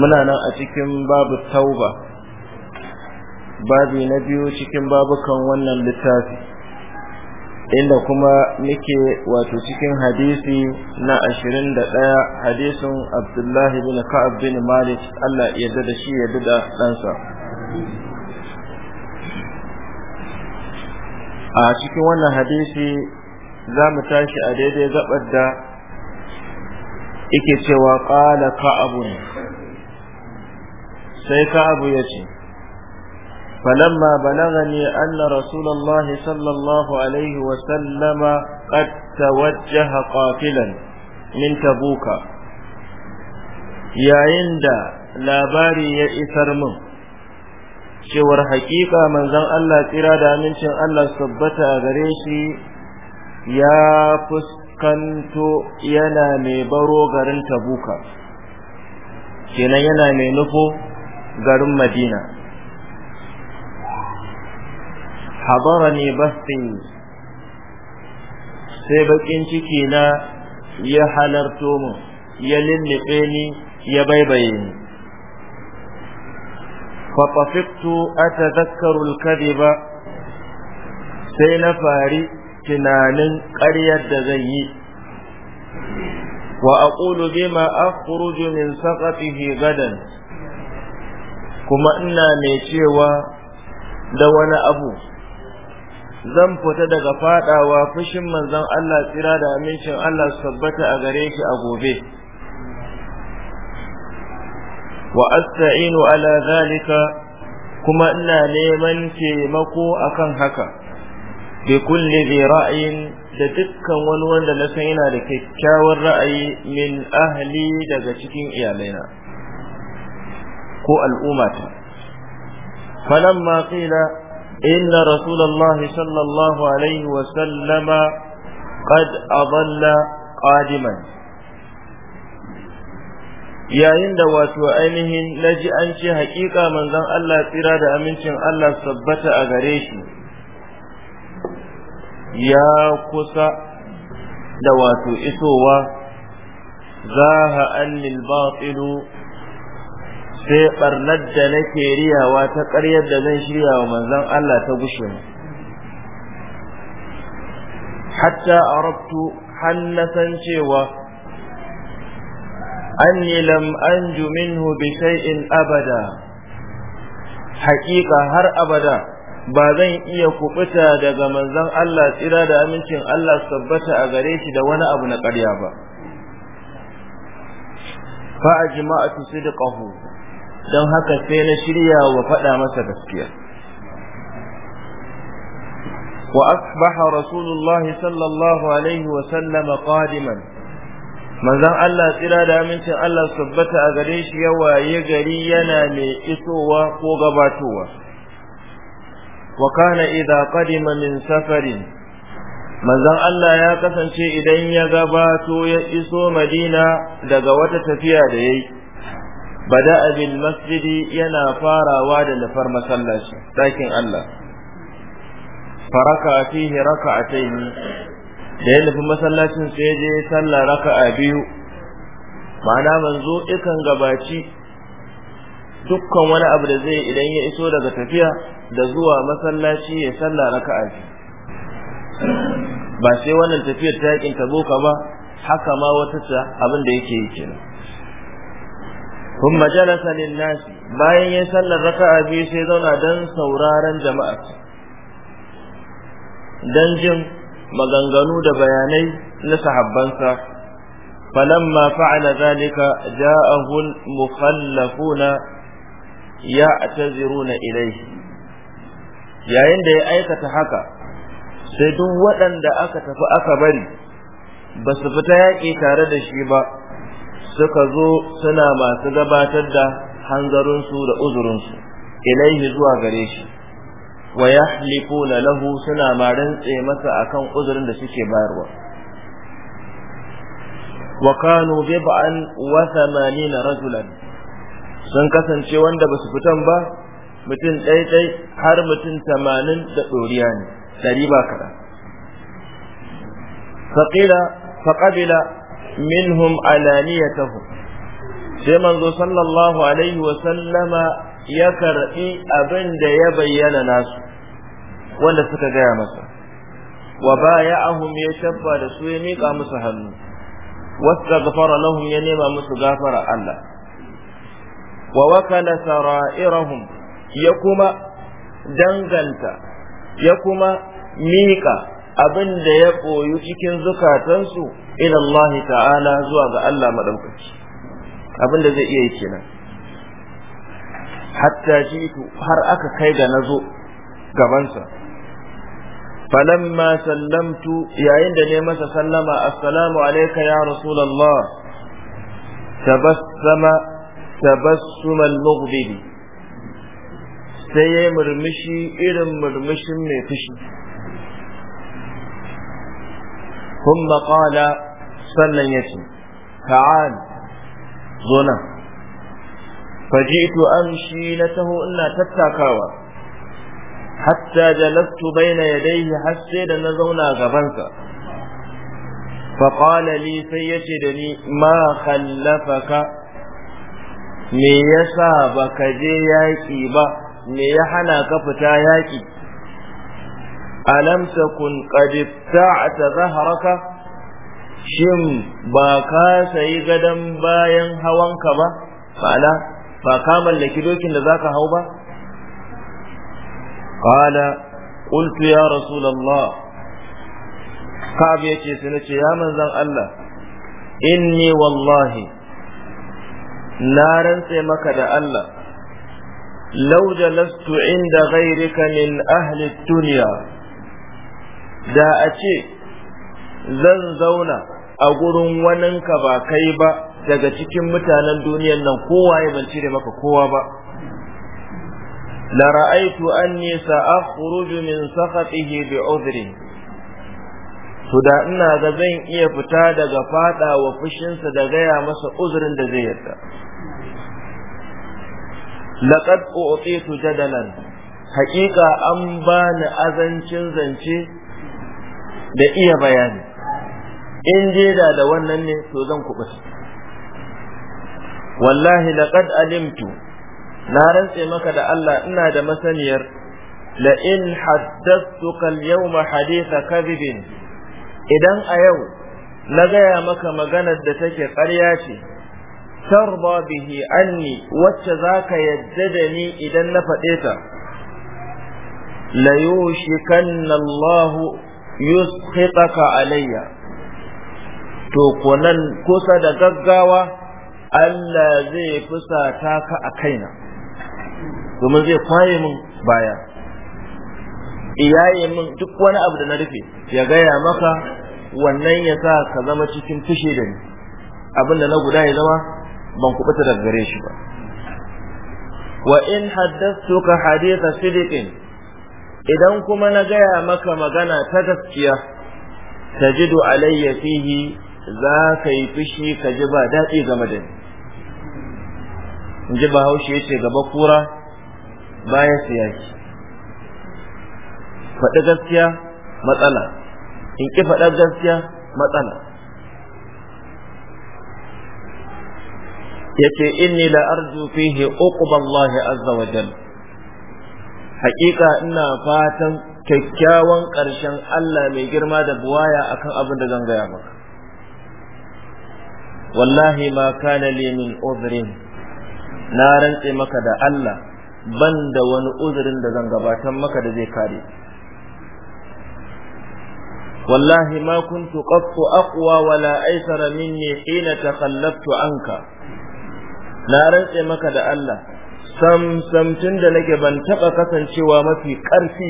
muna nan a cikin babu tauba babi na biyu cikin babukan wannan littafi inda kuma muke wato cikin hadisi na ashirin da ɗaya hadisin abdullahi bin ka'ab bin malik allah ya da shi ya da ɗansa a cikin wannan hadisi za mu tashi a daidai gabar da ike cewa ƙala ne?' sai ka'abu ya ce falamma balagani anna rasulullah sallallahu alaihi wa sallama qad tawajjaha qafilan min tabuka yayin da labari ya isar min cewar hakika manzon Allah tsira da amincin Allah tabbata a gare shi ya fuskanto yana mai baro garin tabuka kenan yana mai nufo garin madina hadarani basti sai bakin ciki na ya halarto mu ya lullube ni ya baibaye ni fatafiktu atadhakkaru al sai na fari tunanin ƙaryar da zan yi wa aqulu bima akhruju min saqatihi gadan kuma ina mai cewa da wani abu zan fita daga fadawa fushin manzon Allah tsira da amincin Allah su tabbata a gare shi a gobe wa asta'inu ala zalika kuma ina neman taimako akan haka bi kulli dhi ra'yin da dukkan wani wanda na san yana da kyakkyawar ra'ayi min ahli daga cikin iyalaina ko al'umma ta falamma qila inna rasulullahi sallallahu alaihi wa sallama qad adalla qadiman yayin da wato ainihin naji an ce haƙiƙa manzon Allah tsira da amincin Allah sabbata a gare shi ya kusa da wato isowa zaha annil batilu sai barnar da nake riyawa ta ƙaryar da zan shirya wa manzon Allah ta gushe mu hatta arabtu hannasan cewa anni lam anju minhu bi shay'in abada haƙiƙa har abada ba zan iya kubuta daga manzon Allah tsira da amincin Allah tabbata a gare shi da wani abu na ƙarya ba fa ajma'atu sidqahu don haka sai na shirya wa faɗa masa gaskiya wa asbaha rasulullahi sallallahu alaihi wa sallama qadiman manzon Allah tsira da amincin Allah tabbata a gare shi ya gari yana mai isowa ko gabatowa wa kana idza qadima min safarin manzon Allah ya kasance idan ya gabato ya iso Madina daga wata tafiya da yayi bada'a bil masjidi yana farawa da nufar masallaci ɗakin Allah faraka fihi raka'atayn da ya nufi masallacin sai ya je sallah raka'a biyu ma'ana manzo ikan gabaci dukkan wani abu da zai idan ya iso daga tafiya da zuwa masallaci ya sallah raka'a ba sai wannan tafiyar ta yakin boka ba haka ma wata abin da yake yi kenan thumma jalasa lin bayan ya sallar raka'a biyu sai zauna dan sauraron jama'a dan jin maganganu da bayanai na sahabbansa falamma fa'ala zalika ja'ahu al-mukhallafuna ya'taziruna ilayhi yayin da ya aikata haka sai duk waɗanda aka tafi aka bari ba su fita yaƙi tare da shi ba suka zo suna masu gabatar da hanzarinsu da uzurinsu ilaihi zuwa gare shi wa yahlifuna lahu suna ma rantse masa akan uzurin da suke bayarwa wa kanu bid'an wa thamanina rajulan sun kasance wanda ba su fitan ba mutum ɗaiɗai har mutum tamanin da ɗoriya ne ɗari ba kaɗan faƙila faƙabila minhum alaniyatahum sai manzo sallallahu alaihi wa sallama ya karbi abin da ya bayyana nasu wanda suka gaya masa wa baya'ahum ya tabba da su ya miƙa musu hannu wastaghfara lahum ya nema musu gafara Allah wa wakala sara'irahum ya kuma danganta ya kuma miƙa abin da ya koyu cikin zukatansu ila Allah ta'ala zuwa ga Allah madaukaki abin da zai iya yi kenan hatta jitu har aka kai ga nazo gabansa falamma sallamtu yayin da ne masa sallama assalamu alayka ya rasulullah tabassama tabassuma al-mughdibi sai ya murmushi irin murmushin mai fushi ثم قال sannan ya ce ta'al zo nan faji'tu amshi na taho ina tattakawa hatta jalastu baina yadayhi har sai da na zauna gabansa fa li sai yace da ni ma ka. me yasa baka je yaƙi ba me ya hana ka fita yaƙi? alam takun qad ta'ata zahraka shin ba ka sayi gadon bayan hawanka ba ma'ana ba ka mallaki dokin da zaka hau ba qala qultu ya rasulullah kabe yace sai nace ya manzon Allah inni wallahi na rantse maka da Allah law jalastu inda ghayrika min ahli dunya da a ce zan zauna a gurin waninka ba kai ba daga cikin mutanen duniyan nan kowa ya ban cire maka kowa ba la ra'aytu anni sa'akhruju min sakhatihi bi to da ina ga zan iya fita daga fada wa fushinsa da gaya masa uzurin da zai yarda laqad u'titu jadalan haƙiƙa an bani azancin zance da iya bayani in jeda da wannan ne to zan kubuta wallahi laqad alimtu na rantse maka da Allah ina da masaniyar la in haddathtuka al-yawma haditha kadhibin idan a yau na gaya maka maganar da take ƙarya ce tarba bihi anni wacce zaka yadda da ni idan na faɗe ta la yushikanna Allahu yusqitaka alayya to konan kusa da gaggawa Allah zai fusata ka a kaina domin zai kwaye min baya iyaye min duk wani abu da na rufe ya gaya maka wannan ya sa ka zama cikin fushi da ni abin da na guda ya zama ban kubuta daga gare shi ba wa in haddastuka hadisa sidiqin idan kuma na gaya maka magana ta gaskiya tajidu alayya fihi za ka yi fushi ka ji ba daɗi game da ni in ji bahaushe yace gaba kura baya siyaki faɗi gaskiya matsala in ki faɗa gaskiya matsala yace inni la arju fihi uqba Allah azza wa jalla hakika ina fatan kyakkyawan ƙarshen Allah mai girma da buwaya akan abin da zan gaya maka wallahi ma kana li min uzrin na rantse maka da Allah ban da wani uzurin da zan gabatar maka da zai kare wallahi ma kuntu qattu aqwa wala aisara minni hina takhallaftu anka na rantse maka da Allah sam sam tun da nake ban taba kasancewa mafi karfi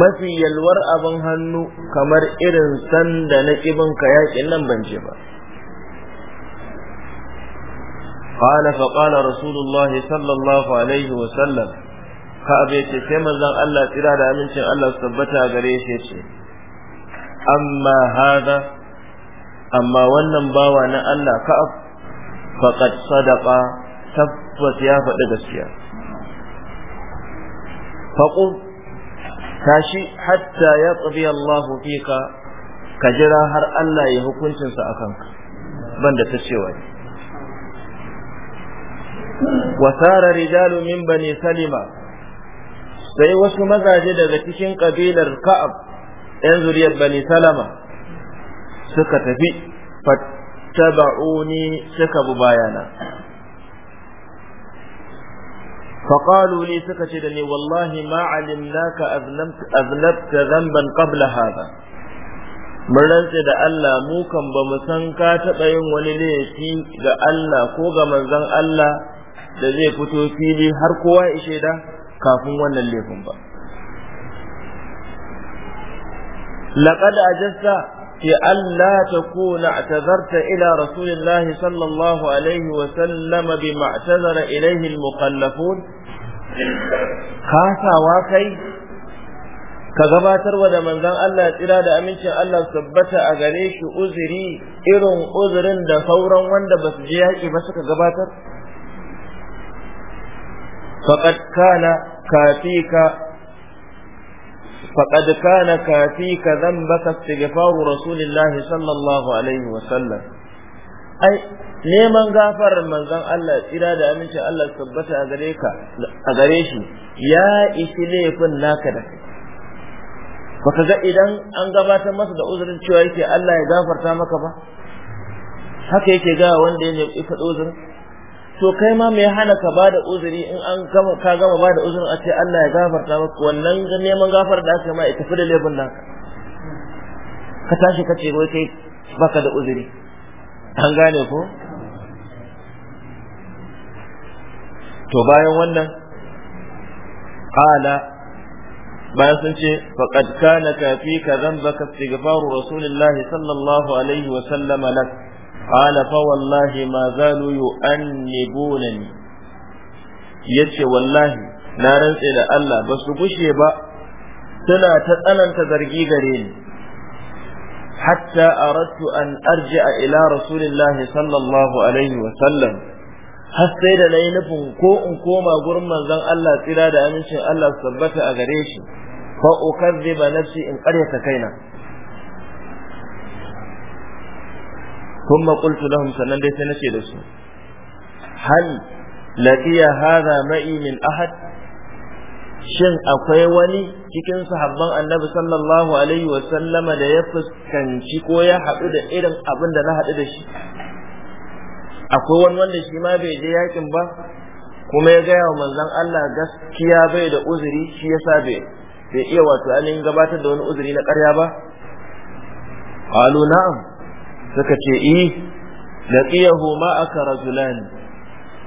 mafi yalwar abin hannu kamar irin san da na kibin ka yakin nan ban je ba qala fa qala rasulullahi sallallahu alaihi wa sallam ka ce sai manzon Allah tsira da amincin Allah su tabbata gare shi ce amma hada amma wannan bawa na Allah ka faqad sadaqa tabbas ya faɗi gaskiya faqum tashi hatta ya tsabi Allah fika ka jira har Allah ya hukuncinsa a kanka da ta cewa wasara rijalu min bani salima sai wasu mazaje daga cikin ƙabilar ka'ab ɗan zuriyar bani salama suka tafi fattaba'uni suka bi bayana فقالوا لي سكتدني والله ما علمناك أذنبت, أذنبت ذنبا قبل هذا mun rantse da Allah mu kan ba mu san ka taɓa yin wani laifi ga Allah ko ga manzon Allah da zai fito fili har kowa ya da kafin wannan laifin ba. لقد أجزت في ألا تكون اعتذرت إلى رسول الله صلى الله عليه وسلم بما اعتذر إليه المخلفون kasawa kai ka gabatar wa da manzon Allah tsira da amincin Allah tabbata a gare shi uzuri irin uzurin da sauran wanda ba su je yaki ba suka gabatar faqad kana kafika faqad kana kafika dhanbaka istighfaru rasulillahi sallallahu alaihi wa sallam ai neman gafarar manzon Allah tsira da amincin Allah tabbata a gare ka a gare shi ya ishi laifin naka da ka ga idan an gabatar masa da uzurin cewa yake Allah ya gafarta maka ba haka yake ga wanda ya nemi faɗo uzurin to kai ma me hana ka ba da uzuri in an gama ka gama ba da uzurin a ce Allah ya gafarta maka wannan neman gafar da aka ma ya tafi da laifin nan ka tashi ka ce wai kai baka da uzuri an gane ko to bayan wannan qala bayan sun ce faqad kana kafika dhanbaka istighfaru rasulillah sallallahu alaihi wa sallama lak qala fa wallahi ma zalu yu'annibunani yace wallahi na rantse da Allah ba su gushe ba suna ta tsananta zargi gare ni hatta aradtu an arji'a ila rasulillahi sallallahu alaihi wa sallam har sai da nayi nufin ko in koma gurin manzon Allah tsira da amincin Allah su tabbata a gare shi fa ukazziba nafsi in qaryata kaina kuma qultu lahum sanan dai sai nace da su hal laqiya hadha ma'i min ahad shin akwai wani cikin sahabban annabi sallallahu alaihi wa da ya fuskanci ko ya haɗu da irin abin da na haɗu da shi akwai wani wanda shi ma bai je yakin ba kuma ya gaya wa manzon Allah gaskiya bai da uzuri shi yasa bai bai iya wato ainihin gabatar da wani uzuri na ƙarya ba qalu na'am suka ce eh ma aka rajulan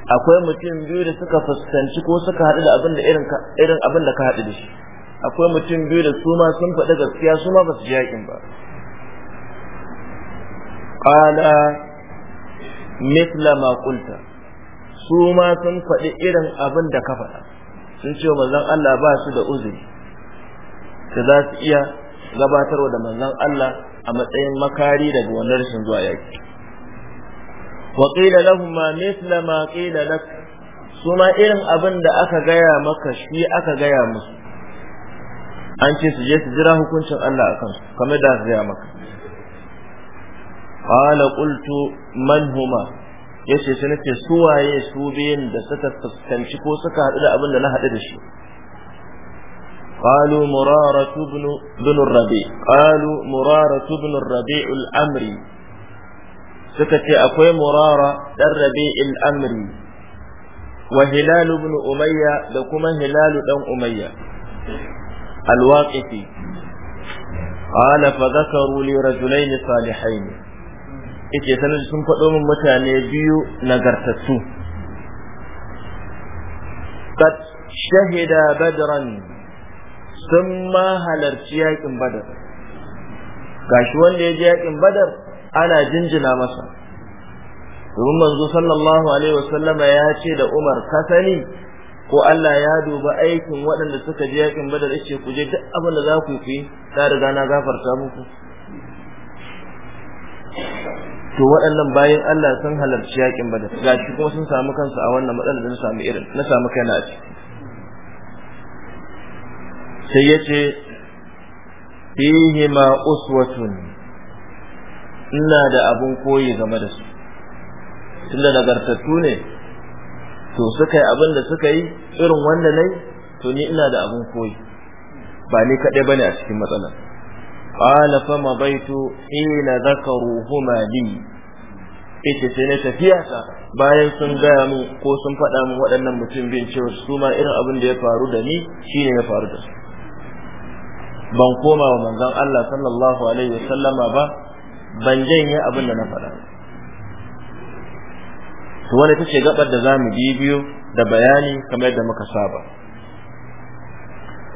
akwai mutum biyu da suka fuskanci ko suka haɗu da abin da irin irin abin da ka haɗu da shi akwai mutum biyu da su ma sun faɗi gaskiya su ma ba su ji yakin ba qala mithla ma qulta su ma sun faɗi irin abin da ka faɗa sun ce manzon Allah ba su da uzuri da za su iya gabatarwa da manzon Allah a matsayin makari daga wannan rashin zuwa yaki wa qila lahum ma mithla ma qila lak su ma irin abin da aka gaya maka shi aka gaya musu an ce su je su jira hukuncin Allah akan kamar da su gaya maka qala qultu man huma yace sai nace su waye su biyan da suka fuskanci ko suka hadu da abin da na hadu da shi qalu murara ibn ibn amri suka ce akwai murara dan rabi amri wa hilal ibn umayya da kuma hilalu ɗan umayya al waqifi قال فذكروا لي رجلين صالحين yake sanin sun faɗo min mutane biyu nagartattu kad shahida badran sun ma halarci yaƙin badar gashi wanda ya je yaƙin badar ana jinjina masa domin manzo sallallahu alaihi wasallam ya ce da umar ka sani ko Allah ya duba aikin waɗanda suka je yaƙin badar yace ku je duk abin da za ku yi ta riga na gafarta muku to waɗannan bayan Allah sun halarci yakin ga gashi kuma sun samu kansu a wannan matsalar da na samu irin na samu kaina a ciki sai ya ce fihima uswatun ina da abun koyi game da su tunda nagartattu ne to suka yi abin da suka yi irin wanda nai to ni ina da abun koyi ba ni kaɗai bane a cikin matsalar qala fa mabaitu hina zakaruhuma ita ce na tafiya ta bayan sun gaya mu ko sun faɗa mu waɗannan mutum bin cewa su ma irin abin da ya faru da ni ne ya faru da su ban koma wa manzon Allah sallallahu alaihi wasallama ba ban janye abin da na faɗa to wani tace gabar da zamu bibiyo da bayani kamar yadda muka saba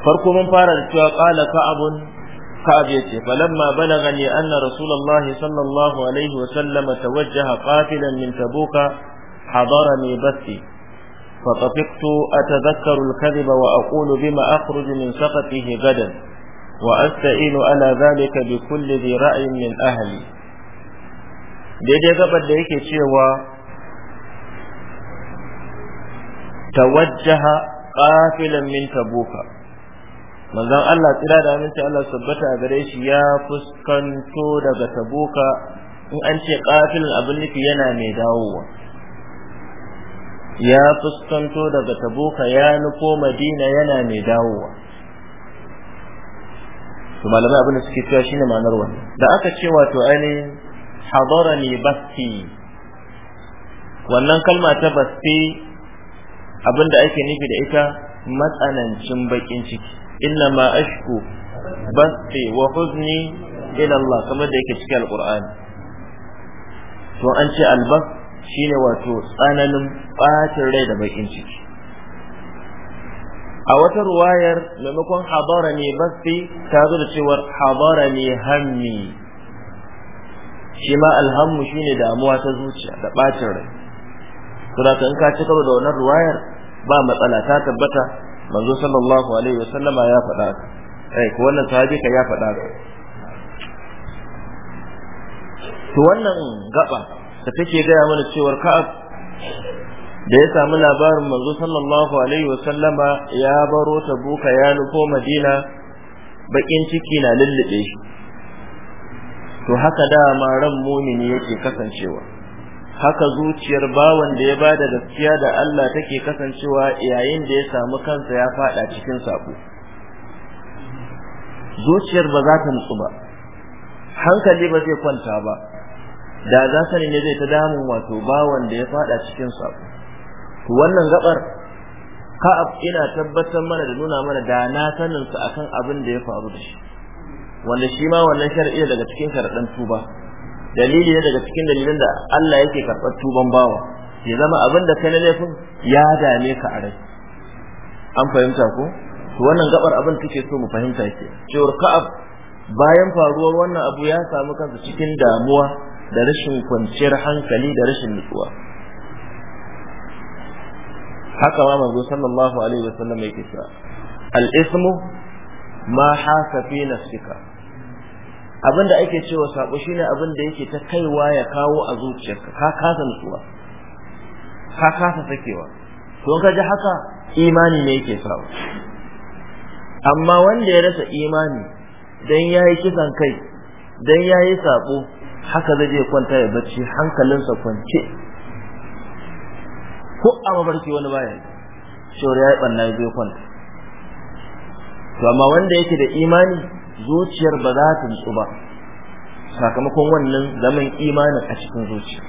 farko mun fara da cewa qala abun Ka'ab ya ce, "Falamma balaga ne an na Rasulallahi sallallahu Alaihi wasallama ta wajja haƙafilan min tabuka hadara mai basti, fatafiktu a ta zakkaru kadiba wa a ƙulu bi ma akhruji min sakati hegadan, wa astainu ala zalika bi kulli bi ra'ayin min ahali." Daidai gabar da yake cewa ta wajja haƙafilan min tabuka. manzon Allah tsira da aminci Allah sabbata a gare shi ya fuskanto daga tabuka in an ce kafilin abin nufi yana mai dawowa ya fuskanto daga tabuka ya nufo madina yana mai dawowa to malamai abin da suke cewa shine ma'anar wannan da aka ce wato ainihin hadarani basti wannan kalma ta basti abin da ake nufi da ita matsanancin bakin ciki innama ashku basti wa huzni ila Allah kamar da yake cikin alqur'ani to an ce albas shine wato tsananin bacin rai da bakin ciki a wata ruwayar maimakon habara ne basti ta zo da cewar habara ne hammi shi ma alhammu shine damuwa ta zuciya da bacin rai saboda in ka ci da wannan ruwayar ba matsala ta tabbata manzo sallallahu alaihi wasallama ya faɗa ka kai ko wannan sahabi ka ya faɗa ka to wannan gaba da take gaya mana cewar ka'ab da ya samu labarin manzo sallallahu alaihi wasallama ya baro ta buka ya nufo madina bakin ciki na lullube shi to haka dama ran mumini yake kasancewa haka zuciyar bawan da ya bada gaskiya da Allah take kasancewa yayin da ya samu kansa ya fada cikin sako zuciyar ba za ta nutsu ba hankali ba zai kwanta ba da za sani ne zai ta damun wato bawan da ya fada cikin sako to wannan gabar ka'ab ina tabbatar mana da nuna mana da na sanin sa akan abin da ya faru da shi wanda shi ma wannan shar'i daga cikin karɗan tuba dalili ne daga cikin dalilin da Allah yake karɓar tuban bawa ya zama abin da kai na laifin ya dame ka a rai an fahimta ko to wannan gabar abin take so mu fahimta ke cewar ka'ab bayan faruwar wannan abu ya samu kansa cikin damuwa da rashin kwanciyar hankali da rashin nutsuwa haka ma manzo sallallahu alaihi wasallam yake cewa al-ismu ma haka fi nafsika abinda ake cewa sabo shine abin da yake ta kaiwa ya kawo a zuciyarka ka kasa nutsuwa ka kasa sakewa to ka ji haka imani ne yake sawa, amma wanda ya rasa imani dan yayi kisan kai dan yayi sabo haka zai je kwanta ya bacci hankalinsa kwance ko a mabarki wani baya shore ya yi banna ya je kwanta to amma wanda yake da imani zuciyar ba za ta nutsu ba sakamakon wannan zaman imanin a cikin zuciya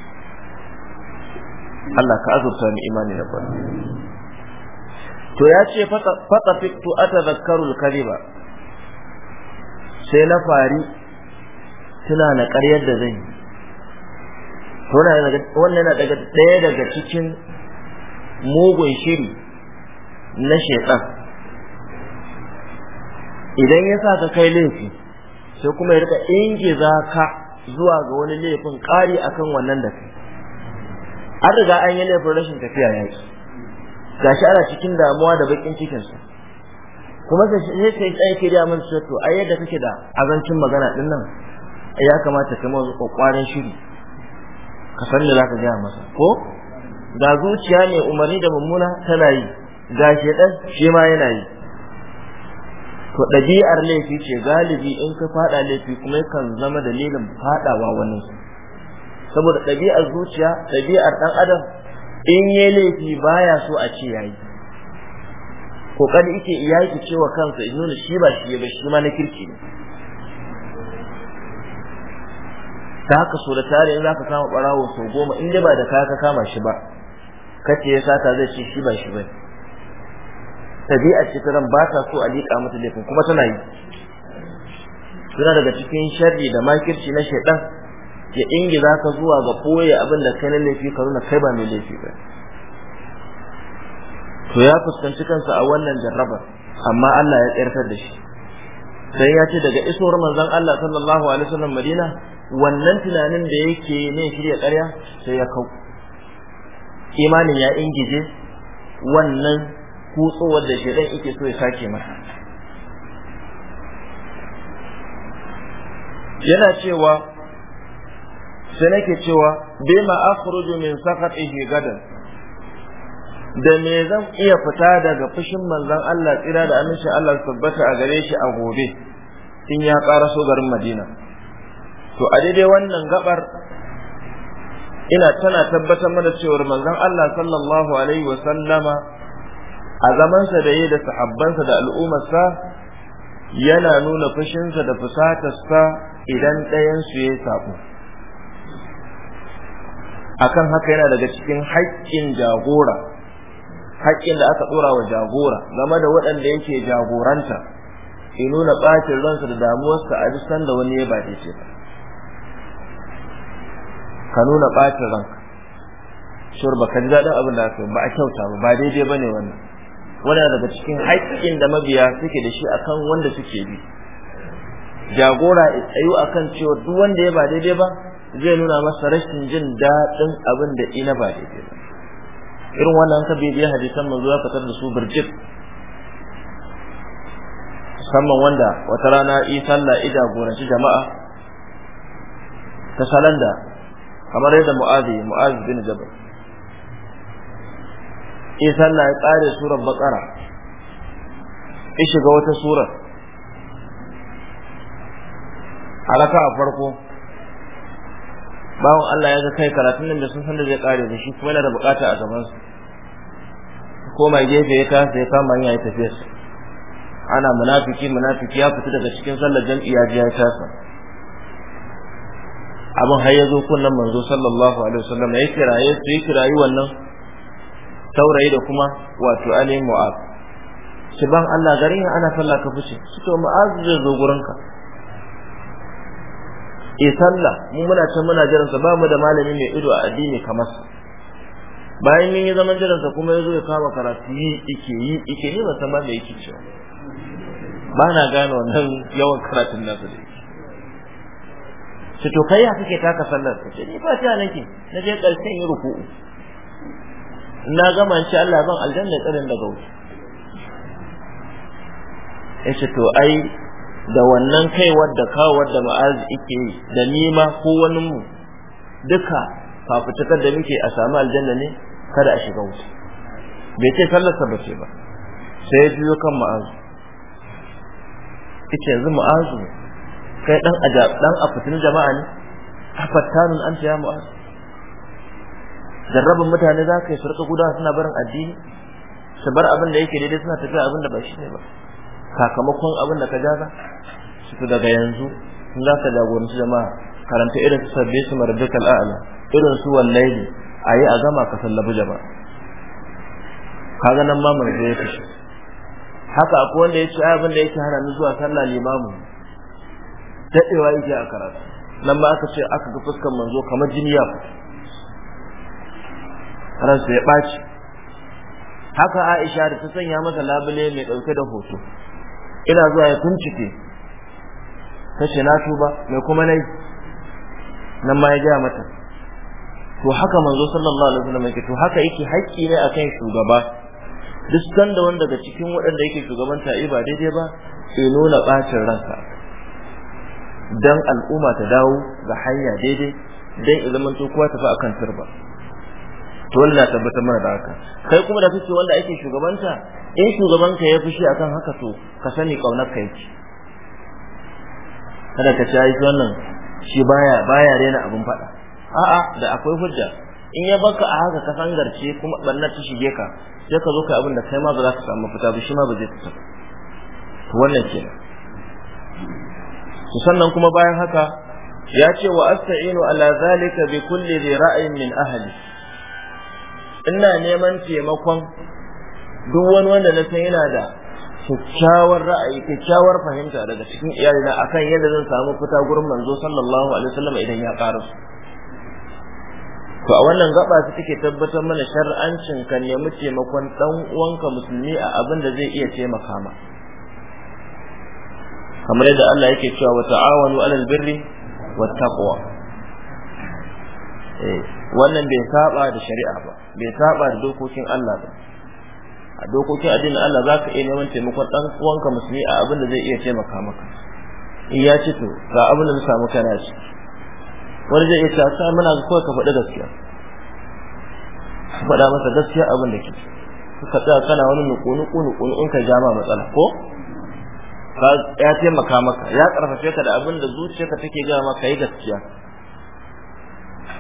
Allah ka azurta ni imani na kwallo to ya ce fata fitu a tazakkarul kariba sai na fari tuna na ƙaryar da zan yi wannan na daga ɗaya daga cikin mugun shiri na shekar idan ya sa ka kai laifi sai kuma ya rika ingiza ka zuwa ga wani laifin ƙari akan wannan da kai an riga an yi laifin rashin tafiya ya yi gashi ana cikin damuwa da bakin cikinsa kuma sai sai sai ke da mun to ai yadda kake da azancin magana din nan ya kamata ka mu kokarin shiri ka san da zaka ga masa ko ga zuciya ne umarni da mummuna tana yi ga shedan shi ma yana yi to ɗabi'ar laifi ce galibi in ka faɗa laifi kuma kan zama dalilin faɗawa wani saboda ɗabi'ar zuciya ɗabi'ar ɗan adam in ya laifi baya so a ce yayi kokari yake iyaki cewa kansa in nuna shi ba shi ba shi ma na kirki ne ta haka so da tare in zaka kama barawo sau goma in dai ba da kaya ka kama shi ba kace ya sata zai ce shi ba shi bane tabi'a ce ta ba ta so a liƙa mata laifin kuma tana yi suna daga cikin sharri da makirci na shaidan ya za ka zuwa ga koya abin da kai na laifi ka nuna kai ba mai laifi ba to ya fuskanci kansa a wannan jarraba amma Allah ya tsirkar da shi sai ya ce daga isuwar manzon Allah sallallahu alaihi wasallam Madina wannan tunanin da yake ne shirya ƙarya sai ya kau imanin ya ingije wannan kutsowar da dan yake so ya sake masa yana cewa sai nake cewa bima akhruju min ihi gadan da me zan iya fita daga fushin manzon Allah tsira da amincin Allah tabbata a gare shi a gobe in ya karaso garin Madina to a daidai wannan gabar ina tana tabbatar mana cewa manzon Allah sallallahu alaihi wa sallama a zamansa da yi da sahabbansa da al'ummarsa yana nuna fushinsa da fusatarsa idan ɗayansu ya yi saƙo. akan haka yana daga cikin haƙƙin jagora haƙƙin da aka ɗora wa jagora game da waɗanda yake jagoranta ya nuna ɓacin ransa da damuwarsa a duk sanda wani ya bace daidai ka nuna ɓacin ranka shurba ba ka ji daɗin abin da aka ba a kyauta ba ba daidai ba ne wannan wanda daga cikin haƙƙin da mabiya suke da shi akan wanda suke bi jagora a tsayu akan cewa duk wanda ya ba daidai ba zai nuna masa rashin jin daɗin abin da ina ba daidai ba irin wannan ka bibiya hadisan manzo zuwa fitar da su birjik musamman wanda wata rana yi sallah i jagoranci jama'a ta salanda kamar yadda mu'azi mu'azi bin jabal in sallah ya tsare surar bakara ya shiga wata surar a raka a farko bawan Allah ya ga kai karatun nan da sun san da zai kare da shi kuma yana da bukata a su. Ko mai gefe ya kasa ya kama ya yi tafiya su ana munafiki munafiki ya fita daga cikin sallar jam'i ya ji ya kasa. abin har ya zo kunnan manzo sallallahu alaihi wasallam ya kiraye su ya kirayi wannan saurayi da kuma wato ainihin mu'ab shi ban Allah garin ana salla ka fushi su to mu'az zai zo gurin ka e sallah mu muna can muna jiran sa ba da malami mai ido a addini kamar sa bayan mun zaman jiran sa kuma yazo ya kama karatu yi ike yi ike ne ba san ba yake cewa ba na gane wannan yawan karatun nasu da yake ce to kai ya kake taka sallar ka ce ni ba ta nake na je karshen yi ruku'u na gama in ce Allah zan aljanna tsarin tsare daga wuta ce to ai da wannan kaiwar da kawar da ma'azi ike yi da nima ko wani mu duka fafutukar da muke a samu aljanna ne kada a shiga wuta bai ce sallarsa ba ce ba sai ya juyo kan ma'azu ita yanzu ma'azu kai dan a dan a fitin jama'a ne an anta ya ma'azu jarrabin mutane za ka yi surka guda suna barin addini su bar abin da yake daidai suna tafiya abin da ba shi ne ba sakamakon abin da ka jaza su daga yanzu sun za ka jagoranci jama'a karanta irin su sabbe su marbikal a'ala irin su wallahi ne a gama ka sallabi jama'a ga nan ma mun ya fishi haka akwai wanda yace abin da yake hana ni zuwa sallah limamu daɗewa yake a karatu nan ma aka ce aka ga fuskar manzo kamar jiniya ransa ya ɓaci haka aisha da ta sanya masa labule mai ɗauke da hoto ina zuwa ya kuncike ta ce na tuba mai kuma nai nan ma ya gaya mata to haka manzo sallallahu alaihi wasallam yake to haka yake haƙƙi ne akan shugaba duk sanda wanda daga cikin waɗanda yake shugaban ta ba daidai ba sai nuna ɓacin ranka dan al'umma ta dawo ga hanya daidai dan ya zamanto kowa fa akan turba to Allah tabbatar mana da haka kai kuma da kake wanda ake shugabanta in shugabanka ya fushi akan haka to ka sani kaunar ka yake kada ka ci wannan shi baya baya rena abin faɗa a'a da akwai hujja in ya baka a haka ka sangarce kuma bannar ta shige ka sai ka zo kai abin da kai ma ba za ka samu fita ba shi ma ba zai fita to wannan kenan to sannan kuma bayan haka ya ce wa asta'inu ala zalika bi kulli dhi min ahli ina neman taimakon duk wani wanda na san yana da kyakkyawar ra'ayi kyakkyawar fahimta daga cikin iyali na akan yadda zan samu fita gurin manzo sallallahu alaihi wasallam idan ya karu to a wannan gaba su take tabbatar mana shar'ancin ka nemi taimakon dan uwanka musulmi a abin da zai iya taimaka ma kamar yadda Allah yake cewa wa ta'awanu alal birri wat taqwa eh. wannan bai saba da shari'a ba bai saba da dokokin Allah ba a dokokin addinin Allah za ka iya neman taimakon dan uwanka musulmi a abin da zai iya taimaka maka in ya ci to ga abin da samu kana ci wani zai iya tsaya muna ga kowa ka faɗi gaskiya faɗa masa gaskiya abin da ke ka tsaya kana wani nukunu kunu kunu in ka jama matsala ko ya taimaka maka ya karfafe ka da abin da zuciyarka take gama maka yi gaskiya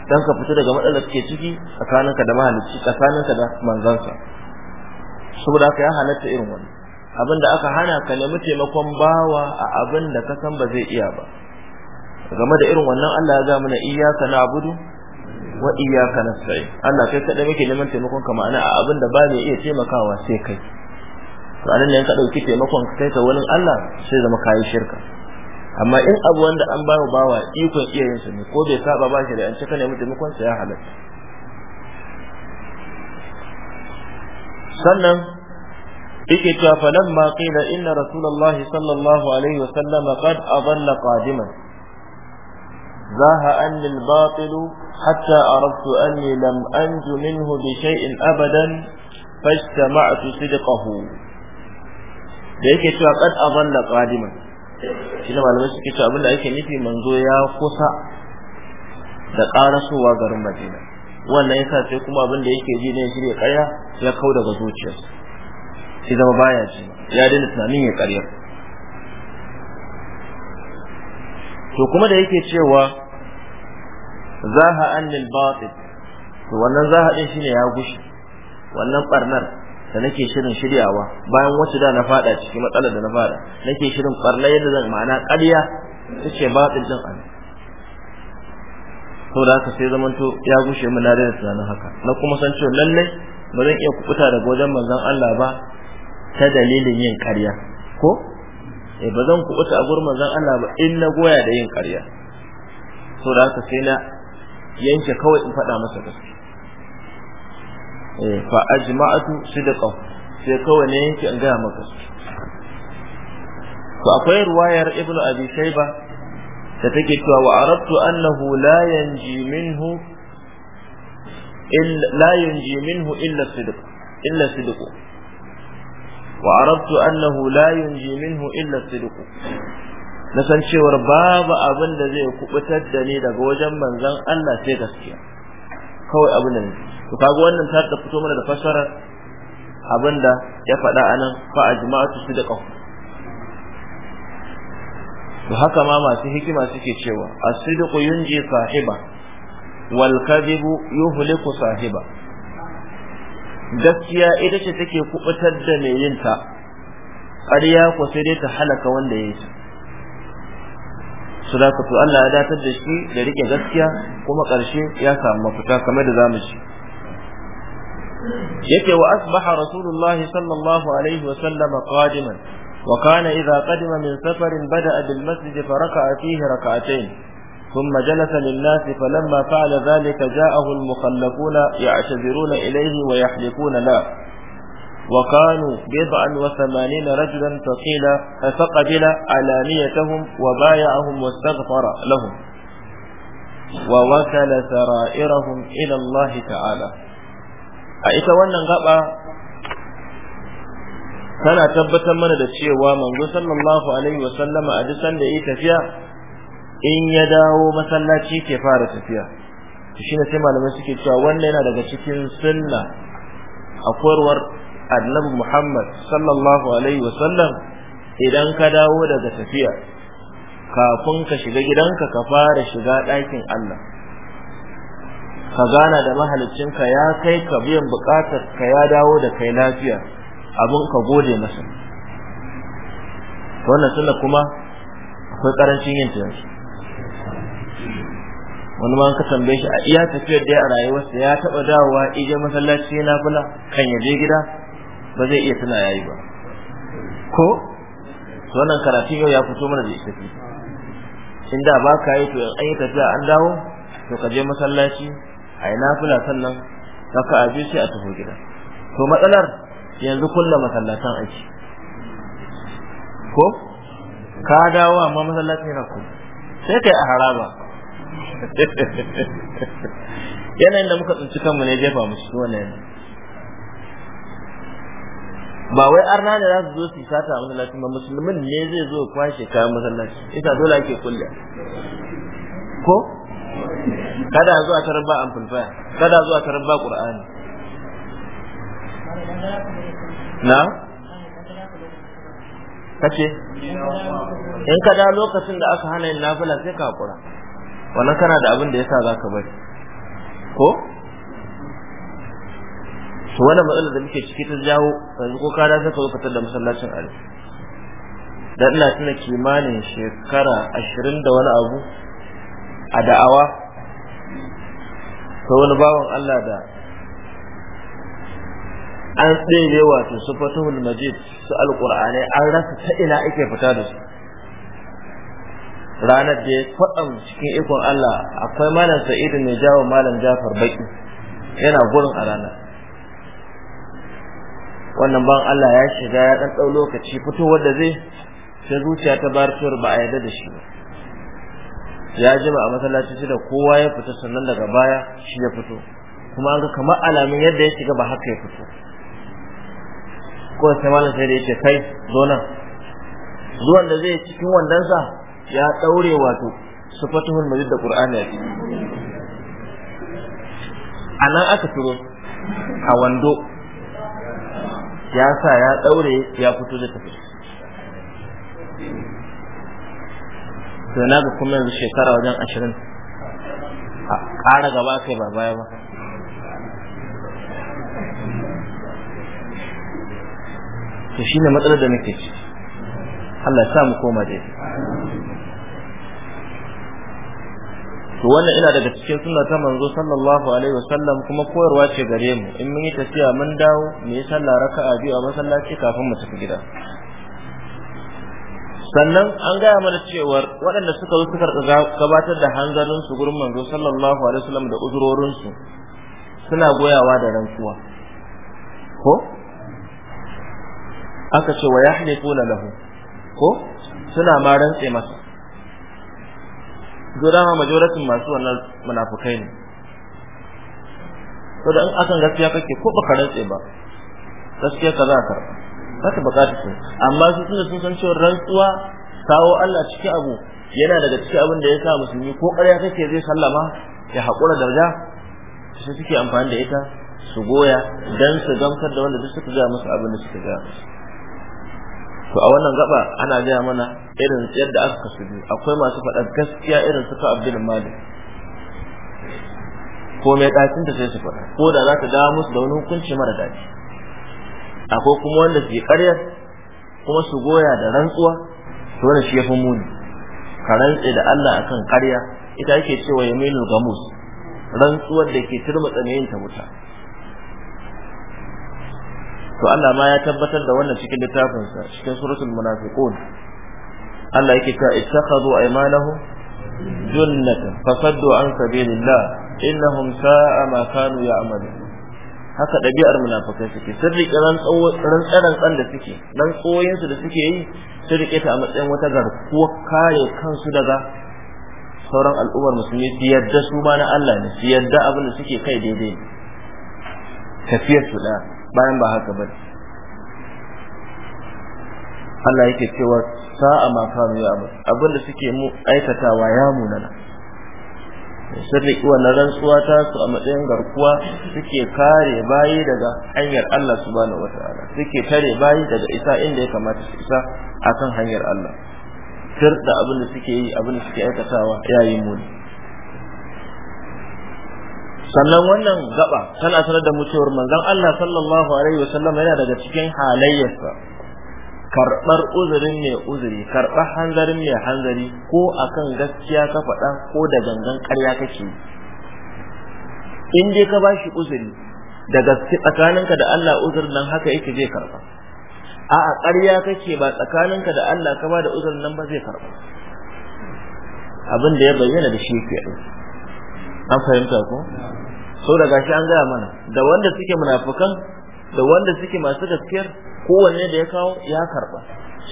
dan ka fita daga matsalar ke ciki tsakaninka da mahalicci tsakaninka da manzansa saboda haka ya halatta irin wani abin da aka hana ka nemi taimakon bawa a abin da ka san ba zai iya ba game da irin wannan Allah ya ga mana na abudu wa na sai. Allah kai kaɗai muke neman taimakon ka ma'ana a abin da ba ne iya taimakawa sai kai to anan ne ka ɗauki taimakon kai ka wani Allah sai zama kayan shirka amma in abu wanda an bawa bawa ikon iyayensa ne ko bai saba ba shi da an cika ne mutumin ya halatta sannan yake cewa ma qila inna rasulullahi sallallahu alaihi wasallam qad adalla qadiman zaha anni al-batil hatta aradtu anni lam anju minhu bi shay'in abadan fajtama'tu sidqahu da yake cewa qad adalla qadiman shi da malamai suke cewa abinda ake nufi manzo ya kusa da karasowa garin madina wannan ya sa sai kuma abinda yake ji ne shi ne karya ya kau daga zuciya shi zama baya ji ya daina tunanin ya karya to kuma da yake cewa zaha annil batil to wannan zaha din shine ya gushi wannan barnar da nake shirin shiryawa bayan wacce da na fada cikin matsalar da na fada nake shirin barna yadda zan ma'ana ƙarya ta ce ta jin an to da aka sai to ya gushe mu na da tunanin haka na kuma san cewa lalle ba zan iya kubuta daga wajen manzon Allah ba ta dalilin yin ƙarya ko eh ba zan kubuta a gurin manzon Allah ba in na goya da yin ƙarya to da aka sai na yanke kawai in faɗa masa gaskiya Eh, fa ajma'atu sidqa sai kawai ne yake an ga maka to akwai ruwayar ibnu abi shayba da take cewa wa aradtu annahu la yanji minhu illa la yanji minhu illa sidq illa sidq wa aradtu annahu la yanji minhu illa sidq na san cewar babu abin da zai kubutar da ni daga wajen manzon Allah sai gaskiya kawai abin da ni. to kaga wannan ta da fito mana da fasara abinda ya faɗa anan fa ajma'atu sidqahu to haka ma masu hikima suke cewa as-sidqu yunji sahiba wal kadhibu yuhliku sahiba gaskiya ita ce take kubutar da mai yin ta ƙarya ko sai dai ta halaka wanda ya yi ta sadaka to Allah ya datar da shi da rike gaskiya kuma ƙarshe ya samu mafita kamar da zamu ci yake وأصبح رسول الله صلى الله عليه وسلم قادما وكان إذا قدم من سفر بدأ بالمسجد فركع فيه ركعتين ثم جلس للناس فلما فعل ذلك جاءه المخلفون يعتذرون إليه ويحلفون لا وكانوا بضعا وثمانين رجلا فقيل فقبل علانيتهم وبايعهم واستغفر لهم ووكل سرائرهم إلى الله تعالى a ita wannan gaba kana tabbatar mana da cewa manzo sallallahu alaihi wa sallama a duk sanda yake tafiya in ya dawo masallaci ke fara tafiya shine sai malamai suke cewa wannan yana daga cikin sunna a korwar annabi Muhammad sallallahu alaihi wa sallam idan ka dawo daga tafiya kafin ka shiga gidanka ka fara shiga ɗakin Allah ka gana da ka ya kai ka biyan bukatar ka ya dawo da kai lafiya abin ka gode masa wannan sunna kuma akwai karancin yin ta wani ma ka tambaye shi a iya tafiyar da ya rayuwarsa ya taba dawowa ije masallaci na fula kan ya je gida ba zai iya tuna yayi ba ko wannan karatu yau ya fito mana da ita in da ba ka yi to in an yi tafiya an dawo to ka je masallaci a yi nafila sannan raka aje biyu sai a tafi gida to matsalar yanzu kulla masallatan aiki ko ka dawo amma masallacin yana ku sai kai a haraba yanayin da muka tsinci kanmu ne jefa musu wannan ba wai arna ne za su zo su sata a masallaci ba musulmin ne zai zo kwashe kayan masallaci ita dole ake kulle ko kada zuwa tarar ba amplifier kada zuwa tarar ba qur'ani na kace in kada lokacin da aka hana yin nafila sai ka hakura wannan kana da abin da yasa zaka bari ko to wannan matsalar da muke ciki ta jawo yanzu ko kada sai ka zo fitar da masallacin ali dan ina tuna kimanin shekara 20 da wani abu a da'awa Ka wani bawan Allah da an tsere wato su fatahul majid su alqur'ani an rasa ta ina ake fita da su ranar da ya kwaɗan cikin ikon Allah akwai malam sa'idu mai jawo malam jafar baƙi, yana gurin a ranar wannan ban Allah ya shiga ya ɗan lokaci fitowar da zai sai zuciya ta bar ba a yarda da shi ba ya jima a masallaci shi da kowa ya fita sannan daga baya shi ya fito kuma an ga kamar alamin yadda ya shiga ba haka ya fito ko sai malam sai da yake kai zo nan zuwan da zai cikin wandansa ya daure wato sifatuhul majid da qur'ani a ciki anan aka turo a wando ya sa ya daure ya fito da tafi to na ga kuma yanzu shekara wajen ashirin a ƙara gaba kai ba baya ba to shi ne matsalar da muke ci Allah ya sa mu koma ya to wannan ina daga cikin sunna ta manzo sallallahu alaihi wasallam kuma koyarwa ce gare mu in mun yi tafiya mun dawo mu yi sallah raka'a biyu a masallaci kafin mu tafi gida sannan an gaya mana cewar waɗanda suka zo suka gabatar da hanzarin su gurin manzo sallallahu alaihi wasallam da uzurorin su suna goyawa da rantsuwa ko aka ce wa yahlifuna lahu ko suna ma rantse masa dora ma majoratin masu wannan munafukai ne saboda in akan gaskiya kake ko baka rantse ba gaskiya ka za ka karɓa ba ta bukata su amma su suna sun san cewa rantsuwa kawo Allah cikin abu yana daga cikin abin da ya sa musulmi ko ƙarya kake zai sallama ya haƙura da su suke amfani da ita su goya dan su gamsar da wanda duk suka ga musu abin da suka ga musu to a wannan gaba ana gaya mana irin yadda aka kasu biyu akwai masu faɗa gaskiya irin suka abdul malik ko mai ɗakin da sai su faɗa ko da za ta dawo musu da wani hukunci mara daɗi akwai kuma wanda ke karya kuma su goya da rantsuwa to wannan shi yafi muni ka rantse da Allah akan karya ita yake cewa yaminul gamus rantsuwar da ke turma mai ta wuta to Allah ma ya tabbatar da wannan cikin littafinsa cikin suratul munafiqun Allah yake cewa ittakhadhu aymanahum jannatan fasaddu an sabilillah innahum sa'a ma kanu ya'malun haka ɗabi'ar munafikai suke sun riƙe rantsan da suke rantsoyinsu da suke yi sun riƙe ta a matsayin wata garkuwar kare kansu daga sauran al'ummar musulmi su yadda su ma na Allah ne su yadda abin da suke kai daidai tafiyar su da bayan ba haka ba Allah yake cewa sa'a ma kanu ya abin da suke mu aikatawa ya munana sirri kuwa wannan rantsuwa ta su a matsayin garkuwa suke kare bayi daga hanyar Allah subhanahu wataala suke tare bayi daga isa inda ya kamata su isa akan hanyar Allah sir da abin da suke yi abin da suke aikatawa yayi muni sannan wannan gaba tana sanar da mutuwar manzon Allah sallallahu alaihi wasallam yana daga cikin halayyarsa karɓar uzurin mai uzuri karɓar hanzarin mai hanzari ko akan gaskiya ka faɗa ko da gangan ƙarya kake in dai ka ba shi uzuri da gaske tsakaninka da Allah uzurin nan haka yake zai karɓa a'a ƙarya kake ba tsakaninka da Allah ka ba da uzurin nan ba zai karɓa abin da ya bayyana da shi yake an fahimta ko so daga shi an gaya mana da wanda suke munafukan da wanda suke masu gaskiyar kowanne da ya kawo ya karba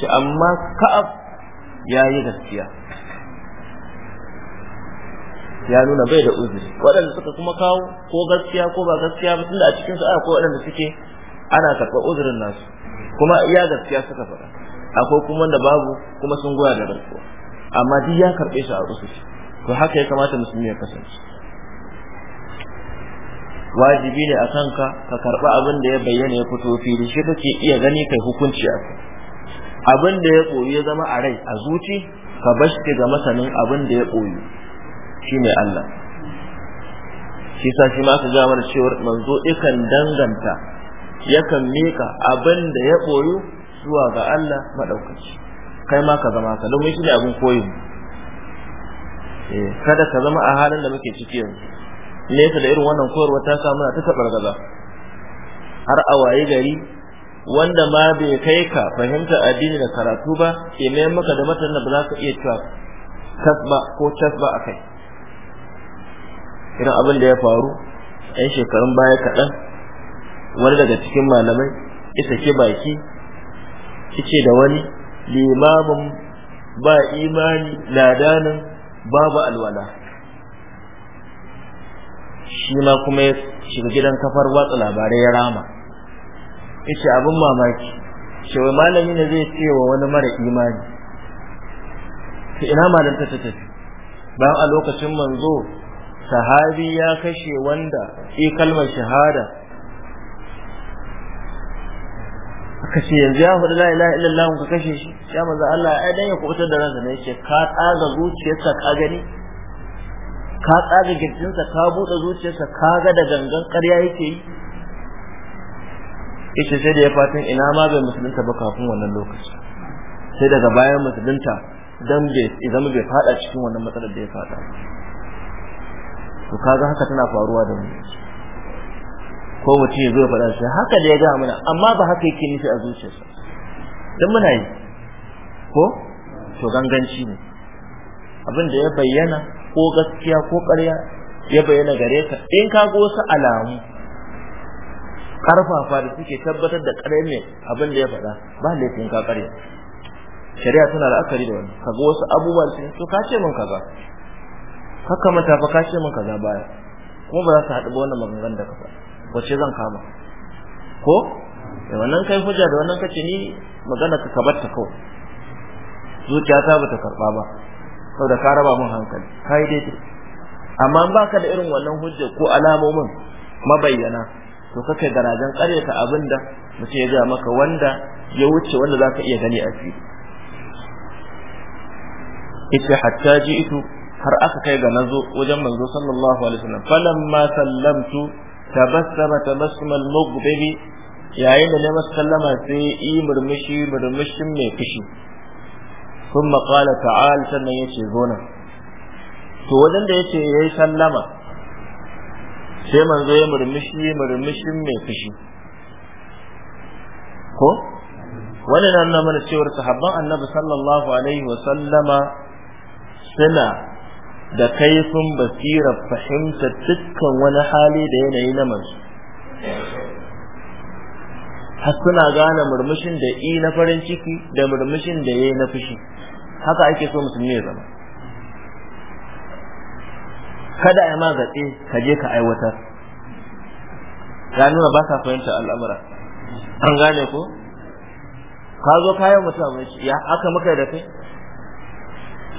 shi amma ka'ab ya yi gaskiya ya nuna bai da uzuri waɗanda suka kuma kawo ko gaskiya ko ba gaskiya ba tunda a cikin sa'a ko waɗanda suke ana karɓar uzurin nasu kuma iya gaskiya suka faɗa akwai kuma wanda babu kuma sun goya da rantsuwa amma duk ya karɓe shi a usuri to haka ya kamata musulmi ya kasance wajibi ne a kanka ka karɓi abin da ya bayyana ya fito fili shi kake iya gani kai hukunci a kai abin da ya koyi ya zama a rai a zuci ka bashi ga masanin abin da ya koyi ne Allah shi sa shi ma aka ga cewa manzo ikan danganta yakan mika abin da ya koyi zuwa ga Allah maɗaukaci. kai ma ka zama ka domin ne abin koyi eh, kada ka zama a halin da muke ciki yanzu nesa da irin wannan koyarwa ta samu na ta taɓar gaza har a waye gari wanda ma bai kai ka fahimta addini da karatu ba ke mai maka da matan da ba za ka iya cewa tasba ko tasba a kai irin abin da ya faru yan shekarun baya kaɗan wani daga cikin malamai isa ke baki ce da wani limamin ba imani ladanin babu alwala shi ma kuma ya shiga gidan kafar watsa labarai ya rama yace abin mamaki wai malami ne zai ce wa wani mara imani Ki ina malam ta ce bayan a lokacin manzo sahabi ya kashe wanda ya kalmar shahada aka ce yanzu ya hudu la ilaha illallah ka kashe shi ya manzo Allah ai dan ya kubutar da ransa ne yace ka tsaga zuciyarsa ka gani ka tsaga gindinsa ka buɗe zuciyarsa ka ga da gangan ƙarya yake yi ita sai da ya fatan ina ma bai musulunta ba kafin wannan lokaci sai daga bayan musulunta don bai zama bai fada cikin wannan matsalar da ya fada to kaga haka tana faruwa da mu ko mutum ya zo ya faɗa sai haka da ya ga mana amma ba haka yake nufi a zuciyarsa Don muna yi ko to ganganci ne abin da ya bayyana ko gaskiya ko ƙarya ya bayyana gare ka in ka ga wasu alamu karfafa da suke tabbatar da ƙarya ne abin da ya faɗa ba laifin ka ƙarya shari'a tana la'akari da wani kaga wasu abubuwa da to ka ce min kaza kakka mata fa ka ce min kaza baya kuma ba za su haɗu ba wannan maganganun da ka faɗa wacce zan kama ko da wannan kai hujja da wannan kace ni magana ka kabar ta kawai zuciya ta bata karba ba saboda ka raba mun hankali kai dai amma ba baka da irin wannan hujja ko alamomin mabayyana to kake kare karyata abinda mutum ya ga maka wanda ya wuce wanda za ka iya gani a fili ita hatta ji'tu har aka kai ga nazo wajen manzo sallallahu alaihi wasallam falamma sallamtu tabassama tabassumal mughdibi yayin da na masallama sai yi murmushi murmushin mai fushi sun maƙala ta'al sannan ya ce zo nan to wajen da ya ce ya yi sallama sai manzo ya murmushi murmushin mai fushi ko wani nan na mana cewar sahabban annabi sallallahu alaihi wa sallama suna da kaifin basira fahimta dukkan wani hali da yanayi na manzo har suna gane murmushin da i na farin ciki da murmushin da yayi na fushi haka ake so musulmi ya zama kada ya ma gatse ka je ka aiwatar ya nuna ba sa fahimta al'amura an gane ko ka zo kayan mutum mai ya aka maka da kai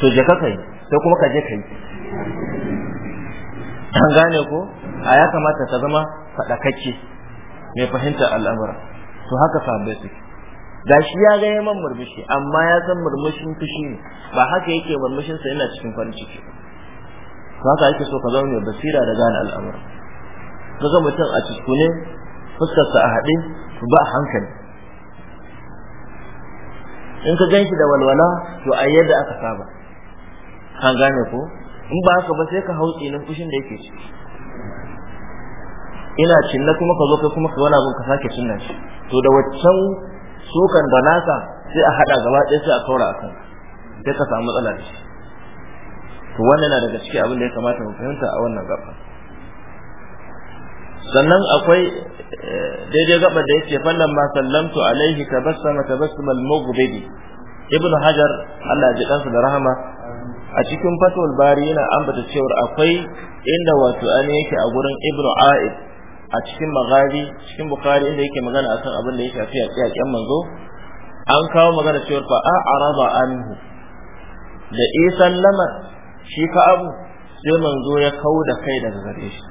to je ka kai sai kuma ka je yi an gane ko a ya kamata ka zama faɗakakke mai fahimta al'amura to haka sahabbai suke gashi ya ga yaman murmushi amma ya san murmushin fushi ne ba haka yake murmushin sa yana cikin farin ciki to haka yake so ka zama mai basira da gane al'amura kaga mutum a cikin fuskar sa a haɗe ba hankali in ka ganshi da walwala to a yadda aka saba kan gane ko in ba haka ba sai ka hau tsinin fushin da yake ciki ina cinna kuma ka zo kai kuma ka wani abin ka sake cinna shi to da waccan sukan da nasa sai a hada gaba ɗaya sai a kaura akan sai ka samu matsala da shi to wannan na daga ciki abin da ya kamata mu fahimta a wannan gaba sannan akwai eh, daidai gaba da yake fallan ma sallamtu alaihi tabassama tabassum al-mughbidi ibn hajar Allah ya ji kansa da rahama a cikin fatwal bari yana ambata cewa akwai inda wato an yake a gurin ibnu aid a cikin magari cikin bukari inda yake magana akan abin da ya shafi yaƙen manzo an kawo magana cewa fa a araba anhu da isan lama shi ka abu sai manzo ya kawo da kai daga gare shi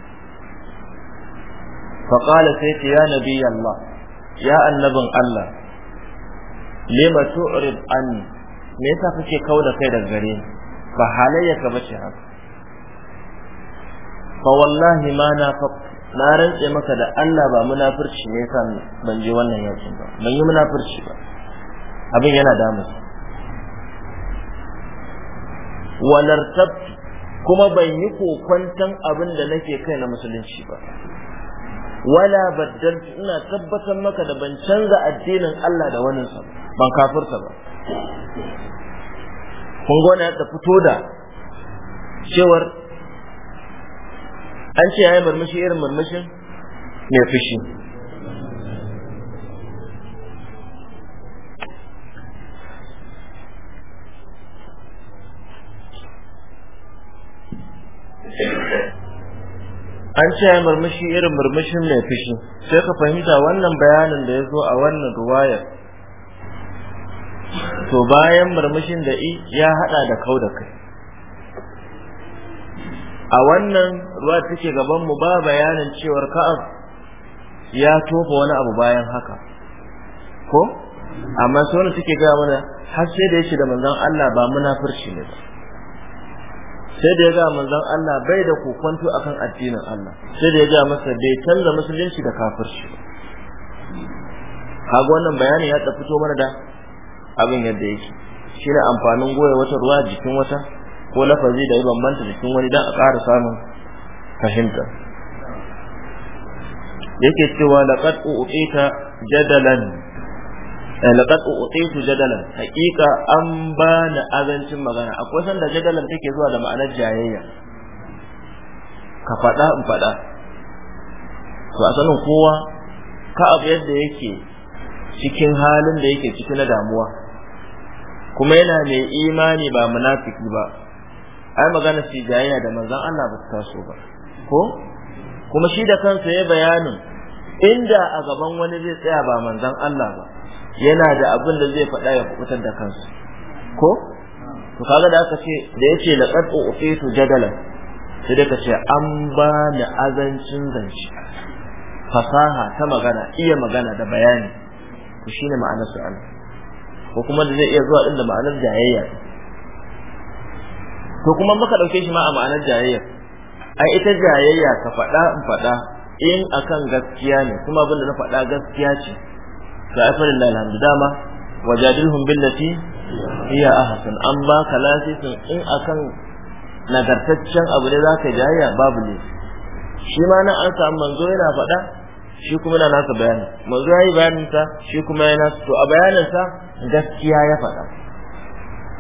fa qala sai ce ya nabi allah ya annabin allah lima tu'rid an me yasa kake kawo da kai daga gare ni ba halayya ka bace haka fa wallahi ma na faqtu na rantse maka da Allah ba munafurci ne yasa ban je wannan yakin ba ban yi munafurci ba abin yana damu walartab kuma ban yi kokwantan abin da nake kai na musulunci ba wala baddal ina tabbatar maka da ban canza addinin Allah da wani sa ban kafirta ba kun gona ta fito da cewar an ce yayi murmushi irin murmushin mai fushi an ce yayi murmushi irin murmushin mai fushi sai ka fahimta wannan bayanin da ya zo a wannan ruwayar to bayan murmushin da i ya hada da kau da kai a wannan ruwa take gaban mu ba bayanin cewar ka'ab ya tofa wani abu bayan haka ko amma sai suke take ga mana har sai da yake da manzon Allah ba munafirci ne ba sai da ga manzon Allah bai da kokonto akan addinin Allah sai da ya ga masa bai canza musulunci da kafirci kaga wannan bayanin ya fito mana da abin yadda yake shine amfanin goye wata ruwa jikin wata ko lafazi da ya bambanta cikin wani dan a ƙara samun fahimta yake cewa laqad u'tita jadalan eh, laqad u'titu jadalan haqiqa an bani azancin magana akwai sanda jadalan take zuwa da ma'anar jayayya ka faɗa in faɗa to a sanin kowa ka abu yadda yake cikin halin da yake ciki na damuwa kuma yana mai imani ba munafiki ba ai magana su jayayya da manzon Allah ba ta taso ba ko kuma shi da kansa ya bayanin inda a gaban wani zai tsaya ba manzon Allah ba yana da abin da zai faɗa ya kubutar da kansa ko to kaga da aka ce da yace laqad uqitu jadalan sai da ce an ba ni azancin zanci fasaha ta magana iya magana da bayani to shine ma'anar su Allah ko kuma da zai iya zuwa din da ma'anar jayayya to kuma muka dauke shi ma a ma'anar jayayya ai ita jayayya ka faɗa in faɗa in akan gaskiya ne kuma abin da na faɗa gaskiya ce ga da alhamdu dama wajadilhum billati hiya ahsan an ba ka lasisin in akan nagartaccen abu ne zaka jayayya babu ne shi ma nan an samu manzo yana faɗa shi kuma na nasa bayani manzo yayi bayanin ta, shi kuma ya nasa to a bayanin sa gaskiya ya faɗa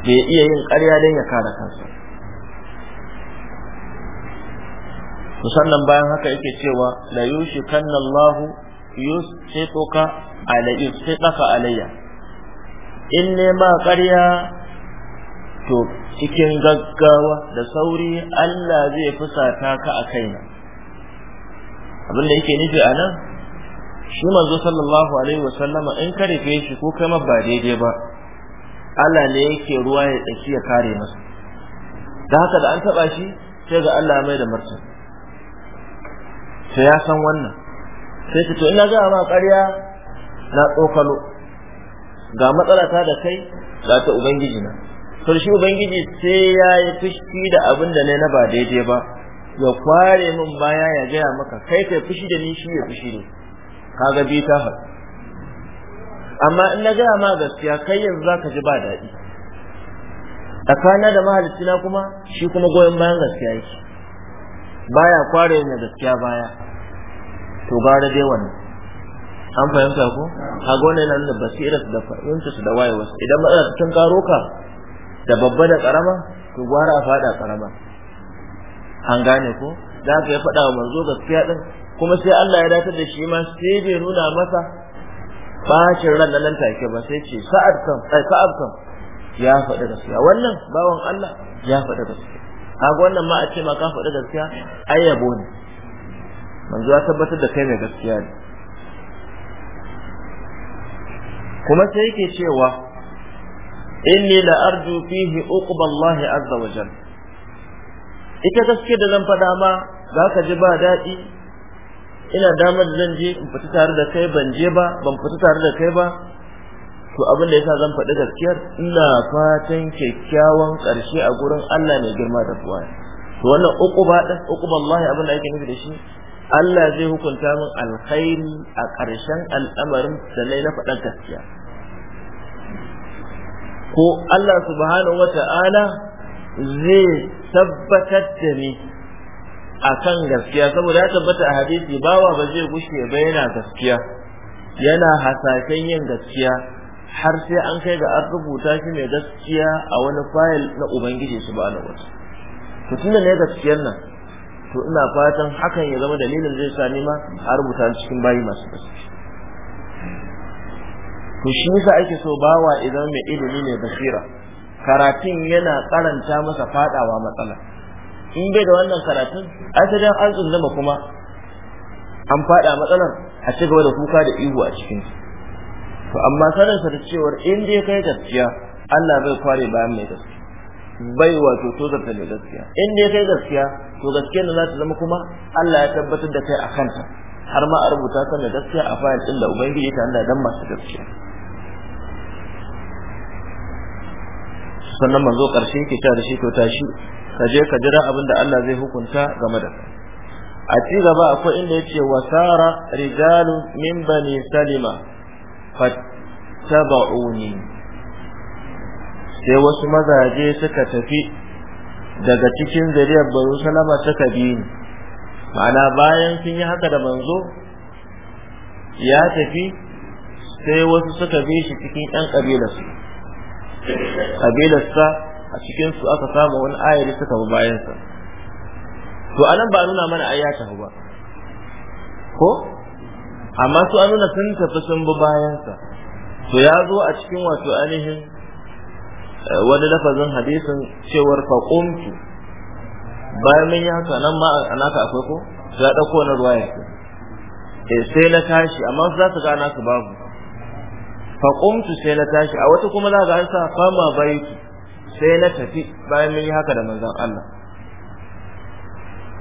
bai iya yin ƙarya don ya kare kansa sannan bayan haka yake cewa la yushikanna Allahu yusqituka ala yusqitaka alayya in ne ma ƙarya to cikin gaggawa da sauri Allah zai fusata ka a kaina abinda yake nufi a nan shi manzo sallallahu alaihi Sallama, in ka rufe shi ko kai ma ba daidai ba Allah ne yake ruwa ya tsaki ya kare masa da haka da an taba shi sai ga Allah mai da martani to ya san wannan sai ce to ina a ma ƙarya na tsokalo ga matsala ta da kai za ta ubangiji na to shi ubangiji sai ya yi fushi da abin da ne na ba daidai ba ya kware min baya ya gaya maka kai kai fushi da ni shi ya fushi ne kaga bi ta haɗu. amma in na gaya ma gaskiya kai yanzu za ka ji ba daɗi tsakanin da mahalicci na kuma shi kuma goyon bayan gaskiya yake baya kware ne gaskiya baya to gara dai wannan an fahimta ko a wannan nan da basira da fahimta da wayewa idan matsala ta karo ka da babba da karama to gwara a fada karama an gane ko Za ka yi fada wa manzo gaskiya din kuma sai Allah ya datar da shi ma sai bai nuna masa bacin ran nan take ba sai ce sa'ad kan sai sa'ad kan ya faɗa gaskiya wannan bawan Allah ya faɗa gaskiya kaga wannan ma a ce ma ka faɗi gaskiya ai yabo ne manzo ya tabbatar da kai mai gaskiya ne kuma sai yake cewa inni la arju fihi uqba Allah azza wa jalla ita gaskiya da zan faɗa ma za ka ji ba daɗi ina damar da zan je in fita tare da kai ban je ba ban fita tare da kai ba to abin da yasa zan faɗi gaskiyar ina fatan kyakkyawan ƙarshe a gurin Allah mai girma da kuwa to wannan uku ba din uku wallahi abin da yake nufi da shi Allah zai hukunta min alkhairi a ƙarshen al'amarin sannan na faɗan gaskiya ko Allah subhanahu wata'ala zai tabbatar da ni akan gaskiya saboda ya tabbata a hadisi bawa ba zai gushe ba yana gaskiya yana hasashen yin gaskiya har sai an kai ga an rubuta shi mai gaskiya a wani fayil na ubangiji subhanahu ta'ala to tunda ne gaskiyar nan to ina fatan hakan ya zama dalilin zai sa ni ma a rubuta cikin bayi masu gaskiya to shi yasa ake so bawa idan mai ilimi ne basira karatun yana karanta masa fadawa matsala in bai da wannan karatun ai ta an tsundama kuma an fada matsalar a cigaba da kuka da ihu a cikin to amma sanin sa da cewar in dai kai gaskiya Allah zai kware bayan mai gaskiya bai wato to zarta mai gaskiya in dai kai gaskiya to gaskiya da za ta zama kuma Allah ya tabbatar da kai a kanta har ma a rubuta kan da gaskiya a fayil din da ubangiji ta Allah dan masu gaskiya sannan manzo karshe ke cewa da shi to tashi ka je ka jira abin da Allah zai hukunta game da kai a ci gaba akwai inda yace wasara rijalun min bani salima fattaba'uni sai wasu mazaje suka tafi daga cikin zariyar banu salama suka bi ni ma'ana bayan sun yi haka da manzo ya tafi sai wasu suka bi shi cikin yan kabilarsu kabilarsa a cikin su aka samu wani ayari suka bi bayansa to anan ba nuna mana ayyata ba ko amma su an nuna sun tafi sun bi bayansa to ya zo a cikin wato ainihin eh, wani lafazin hadisin cewar faƙumtu bayan mun yi haka nan ma naka akwai ko za ɗauko na ruwa ya Eh sai na tashi amma su za su gana su babu faƙumtu sai na tashi a wata kuma za ga an sa fama baitu sai na tafi bayan mun yi haka da manzon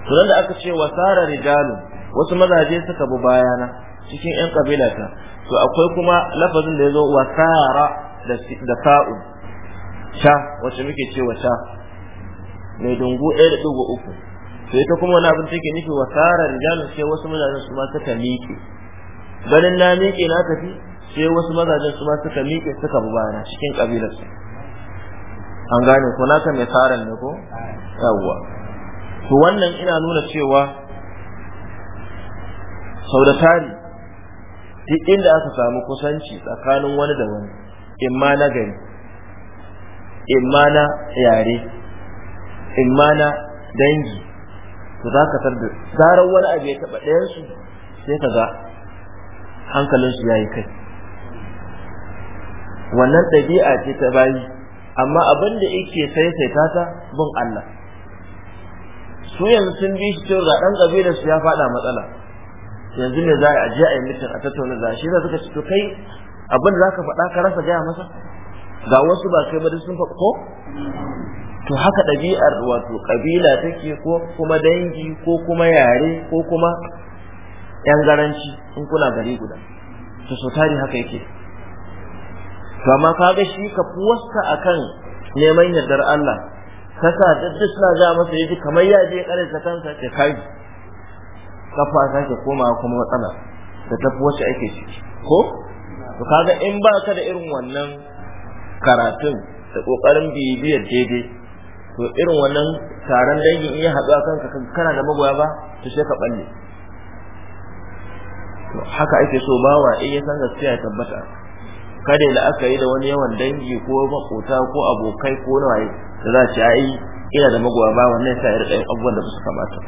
Allah to da aka ce wasara rijalun wasu mazaje suka bi bayana cikin yan kabila ta to akwai kuma lafazin da yazo wa sara da fa'u sha wacce muke cewa sha mai dungu 1.3 to ita kuma wani abin take nufi wa tsara rijalun sai wasu mazajen su ma suka miƙe ganin na miƙe na tafi sai wasu mazajen su ma suka miƙe suka bi bayana cikin kabilar su an gane ko naka mai tsaran ne ko yawwa to wannan ina nuna cewa sau da tari duk inda aka samu kusanci tsakanin wani da wani imma na gari imma na yare imma na dangi to za ka tarda zarar wani abu ya taɓa ɗayansu sai ka ga hankalinsu ya yi kai wannan ɗabi'a ce ta bayi amma abin da yake saisaita ta bin Allah su yanzu sun bi shi cewa ga ɗan ƙabilarsu ya faɗa matsala yanzu ne za a je a yi mitin a tattauna za shi za suka ci to kai abin da zaka faɗa ka rasa gaya masa ga wasu ba kai ba da sun faɗa ko to haka ɗabi'ar wato ƙabila take ko kuma dangi ko kuma yare ko kuma yan garanci in kuna gari guda to so tari haka yake to amma ga shi ka a kan neman yardar Allah ka sa duk suna za masa yaji kamar ya je ƙarin ta kansa ta kai kafa ke komawa kuma matsala ta tafi wacce ake ciki ko to kaga in ba ka da irin wannan karatun da kokarin bibiyar daidai to irin wannan taron dangin iya a kanka kana da magoya ba to sai ka balle to haka ake so bawa in ya san gaskiya ya tabbata kada da aka yi da wani yawan dangi ko makota ko abokai ko nawaye da za su yi ina da magoya ba wannan sai ya rika abubuwan da su kamata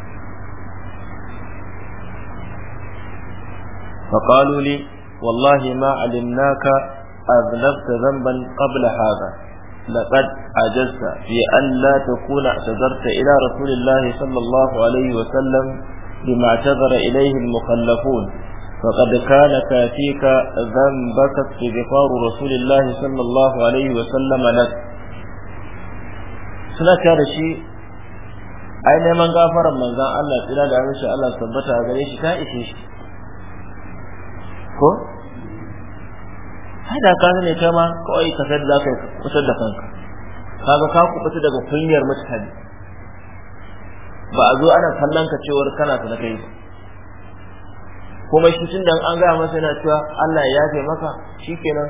فقالوا لي والله ما علمناك أذنبت ذنبا قبل هذا لقد عجزت في أن لا تكون اعتذرت إلى رسول الله صلى الله عليه وسلم بما اعتذر إليه المخلفون فقد كان كافيك ذنبك استغفار رسول الله صلى الله عليه وسلم لك suna ta da shi ai neman gafarar manzan Allah tsira da amince Allah tabbata a gare shi ta ishe shi ko hada ka ne kai ma kawai ka sai zaka kusa da kanka kaga ka kusa daga kunyar mutane ba a zo ana kallon ka cewar kana ta kai kuma shi tun an gaya masa yana cewa Allah ya yafe maka shikenan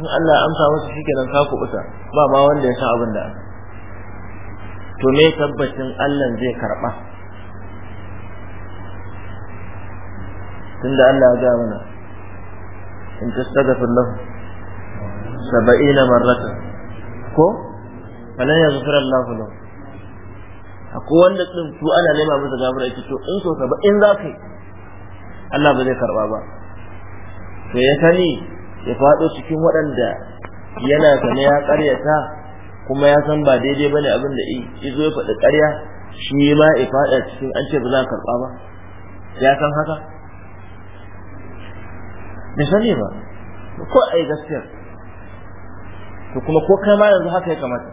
in Allah ya amsa masa shikenan ka kusa, ba ma wanda ya san abin da to me tabbacin Allah zai karba tunda Allah ya ga mana in tastaghfir lahu 70 marratan ko falan yaghfir Allah lahu ko wanda din su ana nema musu gafara yake to in so 70 in kai Allah ba zai karba ba to ya sani ya fado cikin waɗanda yana sane ya karyata kuma ya san ba daidai bane abin da izo ya faɗi ƙarya shi ma ya fada cikin an ce ba za a karɓa ba ya san haka bai sani ba ko ai gaskiya to kuma ko kai ma yanzu haka ya kamata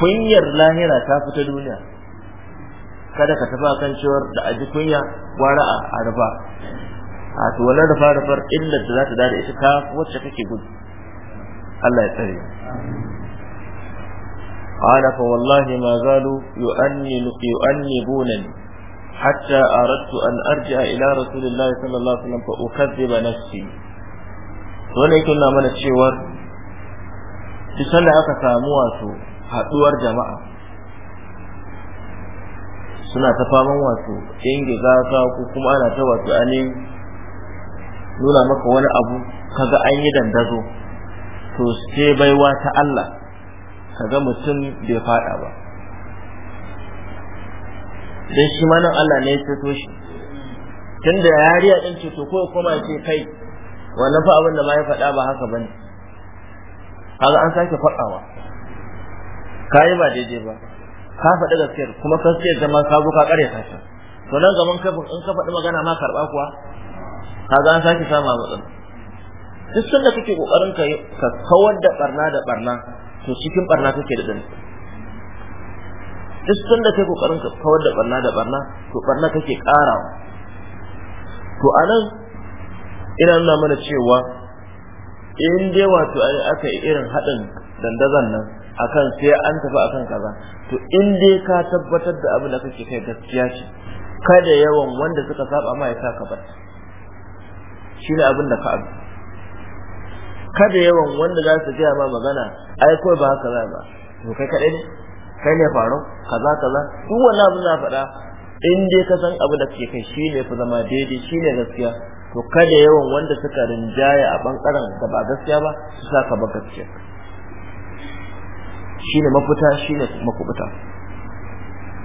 kunyar lahira ta fita duniya kada ka tafi akan cewar da aji kunya gwara a arba a to wannan rufa rufar illa da za ta dare ita ka wacce kake gudu Allah ya tsare قال فوالله ما زالوا يؤنبونني حتى أردت أن أرجع إلى رسول الله صلى الله عليه وسلم mana نفسي ولكن من aka samu تساموات haɗuwar jama'a suna ta faman wato yanke gasa ko kuma ana ta wato ainihin nuna maka wani abu kaga an yi dandazo to sai baiwa ta Allah kaga mutum bai faɗa ba dan shi ma nan Allah ne ya ceto shi tun da yariya din ce to ko kuma ce kai wannan fa abin da ba ya faɗa ba haka bane kaga an sake faɗawa ka yi ba daidai ba ka faɗi gaskiyar kuma sai zama ka zo ka kare ka ta to nan gaban kafin in ka faɗi magana ma karɓa kuwa kaga an sake sama matsala duk sanda kake kokarin ka kawar da barna da barna to cikin barna kake da danta duk sanda kai kokarin ka kawar da barna da barna to barna kake karawa to anan ina nuna mana cewa in dai wato ai aka yi irin haɗin dandazon nan akan sai an tafi akan kaza to in dai ka tabbatar da abin da kake kai gaskiya ce kada yawan wanda suka saba ma ya saka bar shine abin da ka abu kada yawan wanda za su ma magana ai kawai ba haka za ba to kai kaɗai ne kai ne faru kaza kaza duk wannan abin da faɗa in dai ka san abu da kake kai shine fa zama daidai shine gaskiya to kada yawan wanda suka rinjaya a bankaran da ba gaskiya ba su saka ba gaskiya shine mafuta shine makubuta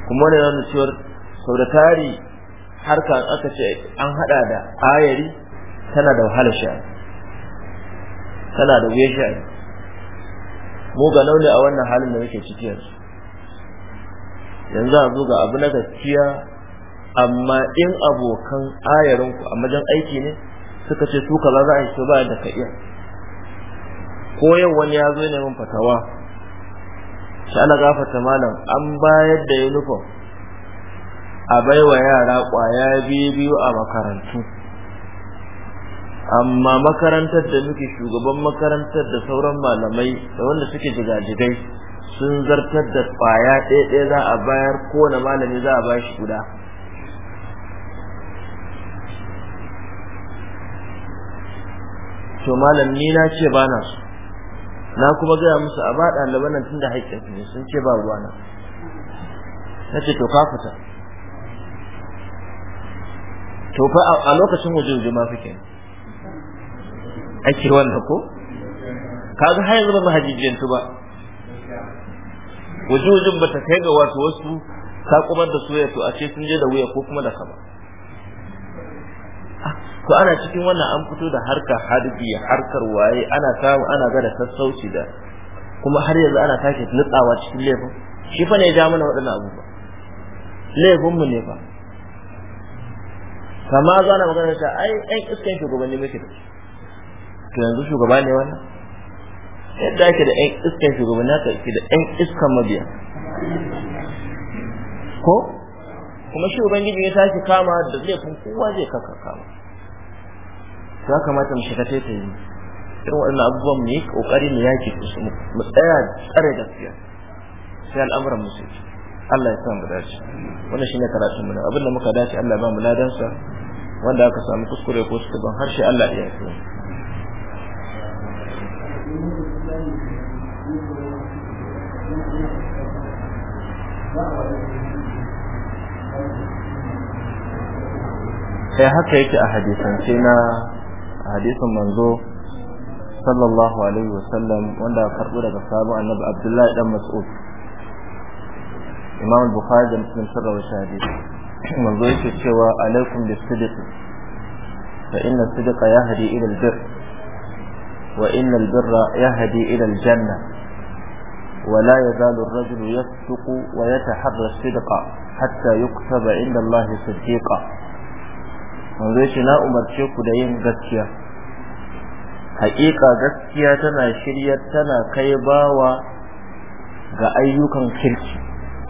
kuma ne nan cewar sau da tari harka aka ce an hada da ayari tana da wahala sha tana da wuya sha mu ga nauni a wannan halin da muke ciki yanzu yanzu a zo ga abu na gaskiya amma in abokan ayarinku a majan aiki ne suka ce su kaza za a yi ba da ka iya ko yau wani ya zo neman fatawa sai ana gafarta malam an bayar da uniform a baiwa yara kwaya biyu biyu a makarantu amma makarantar da muke shugaban makarantar da sauran malamai da wanda suke jigajigai sun zartar da kwaya ɗaya ɗaya za a bayar na malami za a bashi guda to malam ni na ce ba na su na kuma gaya musu a ba ɗaliban nan da haƙƙin su ne sun ce ba ruwa na na ce to ka fita to fa a lokacin wajen wujujuma suke ake wannan ko kaga ga yanzu ba mu hajjijiyantu ba wujujin ba ta kai ga wato wasu takumar da soya to a ce sun je da wuya ko kuma da kaba ah, to ana cikin wannan an fito da harka harbi harkar waye ana samu ana ga da sassauci da kuma har yanzu ana sake nutsawa cikin laifin shi fa ne ya ja mana waɗannan abubuwa laifin mu ne fa kama zo ana magana ta ai ɗan iskan shugabanni muke da to yanzu shugaba ne wannan yadda ake da ɗan iskan shugabanni ta ke da ɗan iskan mabiya ko kuma shi ubangiji ya tashi kama da laifin kowa zai kaka kama ya kamata mu shiga taita yi irin waɗannan abubuwan mu yi ƙoƙari mu yaƙi mu tsaya tsare gaskiya sai al'amuran mu sai Allah ya sa mu dace wannan shine karatun mu abin abinda muka dace Allah ya ba mu ladansa wanda aka samu kuskure ko ban harshe Allah ya yi sai eh, haka yake a hadisance na hadisin manzo sallallahu alaihi wasallam wanda aka karbo daga sabon annabi abdullahi dan mas'ud imam bukhari da muslim sirra wa shahadi manzo yake cewa alaikum bis-sidq fa inna as-sidqa yahdi ila al-birr wa inna al-birra yahdi ila al-janna ولا يزال الرجل يصدق ويتحرى الصدق حتى يكتب عند الله صديقا manzo yace na umarce ku da yin gaskiya haƙiƙa gaskiya tana shirya tana kai bawa ga ayyukan kirki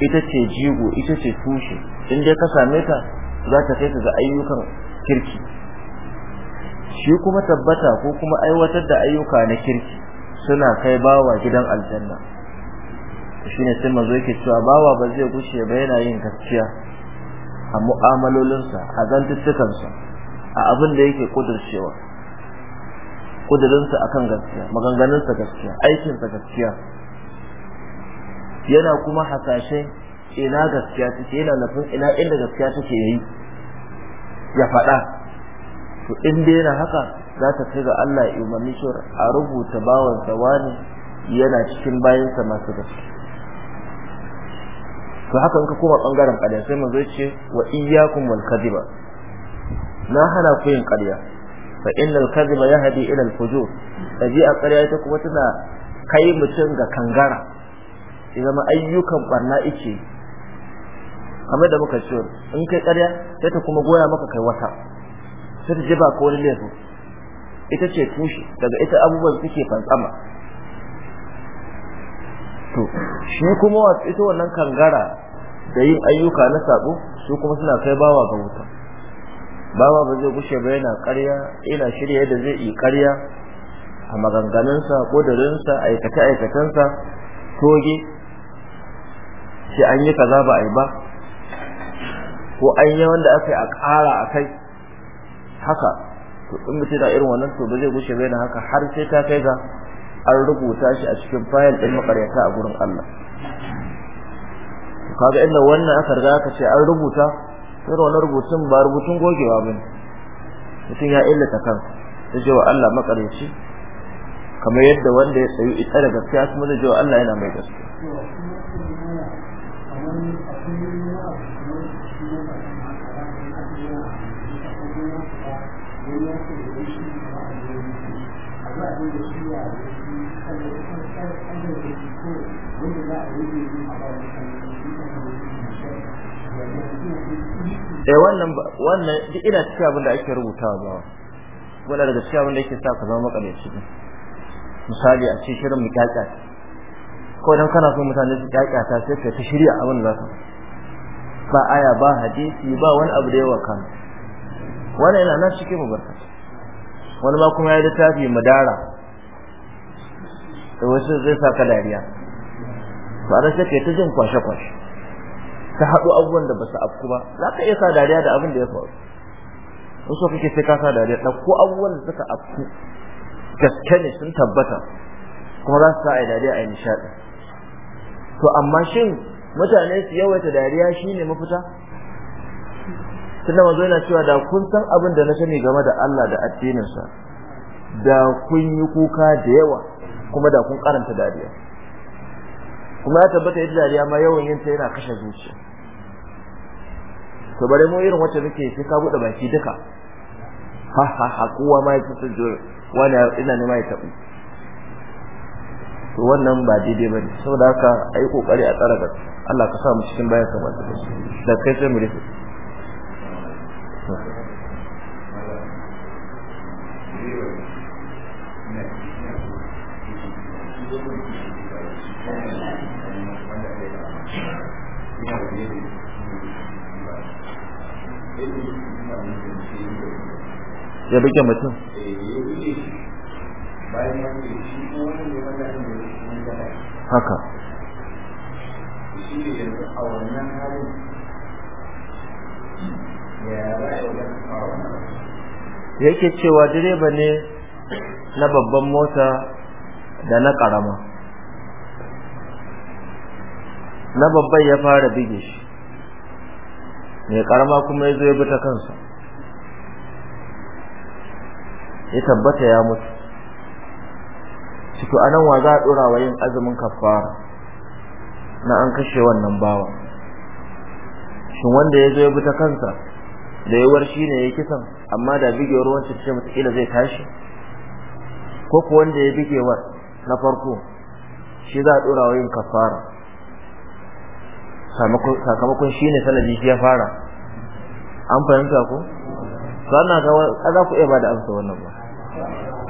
ita ce jigo ita ce tushe in dai ka same ta za ta kai ka ga ayyukan kirki shi kuma tabbata ko kuma aiwatar da ayyuka na kirki suna kai bawa gidan aljanna shine sai manzo yake cewa bawa ba zai gushe ba yana yin gaskiya a mu'amalolinsa a zantuttukansa a abin da yake kudurcewa kudurinsa akan gaskiya maganganunsa gaskiya aikinsa gaskiya yana kuma hasashe ina gaskiya take yana nufin ina inda gaskiya take yayi ya faɗa to in dai yana haka za ta kai ga Allah ya umarni shi a rubuta bawan wani yana cikin bayansa masu gaskiya to haka in ka koma bangaren ƙarya sai manzo ce wa iyyakum wal kadhiba na hana ku yin ƙarya fa innal kadhiba yahdi ila al fujur a ƙarya ita kuma tana kai mutum ga kangara idan ma ayyukan barna yake kamar da muka ce in kai ƙarya sai ta kuma goya maka kai wata sai ta jiba ko wani laifi ita ce tushe daga ita abubuwan suke fantsama to shi kuma wa ita wannan kangara da yin ayyuka na sabo su kuma suna kai bawa ga wuta bawa ba zai gushe ba yana ƙarya ina shirya yadda zai yi ƙarya a maganganunsa ƙudurinsa aikace sa, toge sai an yi kaza ba a yi ba ko an yi wanda aka yi a ƙara a kai haka to in mutum irin wannan to ba zai gushe ba yana haka har sai ta kai ga an rubuta shi a cikin fayil ɗin makaryata a gurin Allah kaga inda wannan aka riga aka ce an rubuta irin wannan rubutun ba rubutun gogewa ba ne mutum ya illata kan, zai je wa Allah makaryaci kamar yadda wanda ya tsayu ita da gaskiya kuma da jewa Allah yana mai gaskiya Thank you. eh wannan wannan duk ina cikin abin da ake rubutawa ba wala daga cikin abin da yake sa ka zama makalaici misali a ce shirin mu ko dan kana so mutane su kyakya ta sai ka shirya abin da zaka ba aya ba hadisi ba wani abu da yawa kan wannan ina nan cikin barka, wani ma kuma ya littafi madara da wasu zai saka dariya ba da sai ka ta jin kwashe kwashe ta haɗu abubuwan da ba su afku ba za ka iya sa dariya da abin da ya faru wasu kake sai ka sa dariya Ko abubuwan da suka afku gaske ne sun tabbata kuma za su sa a yi dariya a yi nishaɗi to amma shin mutane su yawaita dariya shine mafita tunda mazo yana cewa da kun san abin da na sani game da Allah da addininsa da kun yi kuka da yawa kuma da kun karanta dariya kuma ya tabbata yadda dariya ma yawan yin ta yana kashe zuciya to bare mu irin wacce muke sai ka bude baki duka ha ha ha kowa ma ya tsitsin wani ina ne ya tabu to wannan ba daidai ba ne saboda haka a yi kokari a tsara gaske Allah ka sa mu cikin bayan kamar da kai sai mu rufe ya rike mutum haka yake cewa direba ne na babban mota da na karama na babban ya fara bige shi mai ƙarama kuma ya zo ya bi ta kansa ya tabbata ya mutu to anan wa za a dora wa yin azumin kafara na an kashe wannan bawa shin wanda ya zo ya buta ta kansa da ya shi ne ya kisan amma da ruwan ta ce mutakila zai tashi ko ku wanda ya bigewar na farko shi za a dora wa yin kafara sakamakon shi ne sanadi shi ya fara an fahimta ko sannan ga za ku iya ba da amsa wannan ba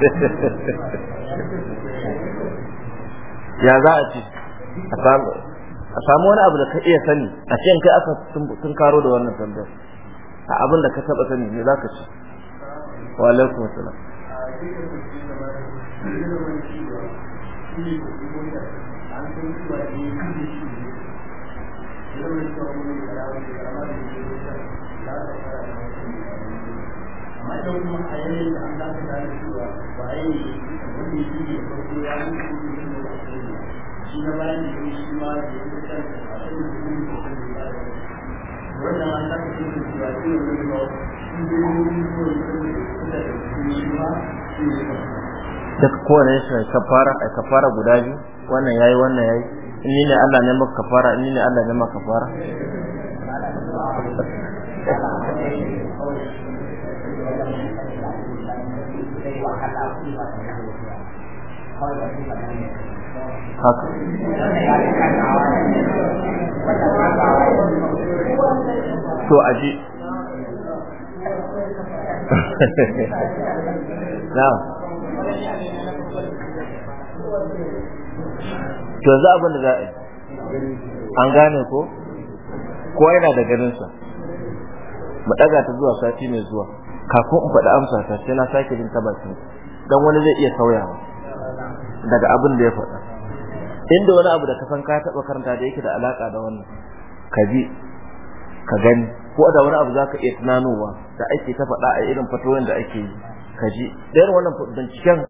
ya za a ce a samu wani abu da ka iya sani a ce kai aka sun karo da wannan tambayar a abin da ka taba sani ne za ka ci wa alaikum assalam Thank duk kowane shi kafara a kafara guda biyu wannan yayi wannan yayi in ni ne Allah ne maka kafara in ni ne Allah ne maka kafara haka to aji now to za abin da za a an gane ko ko yana da ganinsa. mu daga ta zuwa sati mai zuwa kafin in faɗi amsa ta sai na sake jin ba shi. dan wani zai iya sauyawa daga abin da ya faɗa inda wani abu da ka san ka taɓa karanta da yake da alaka da wannan ka ji ka gani ko da wani abu zaka iya tunanowa da ake ta faɗa a irin fatoyin da ake yi ka ji da wannan binciken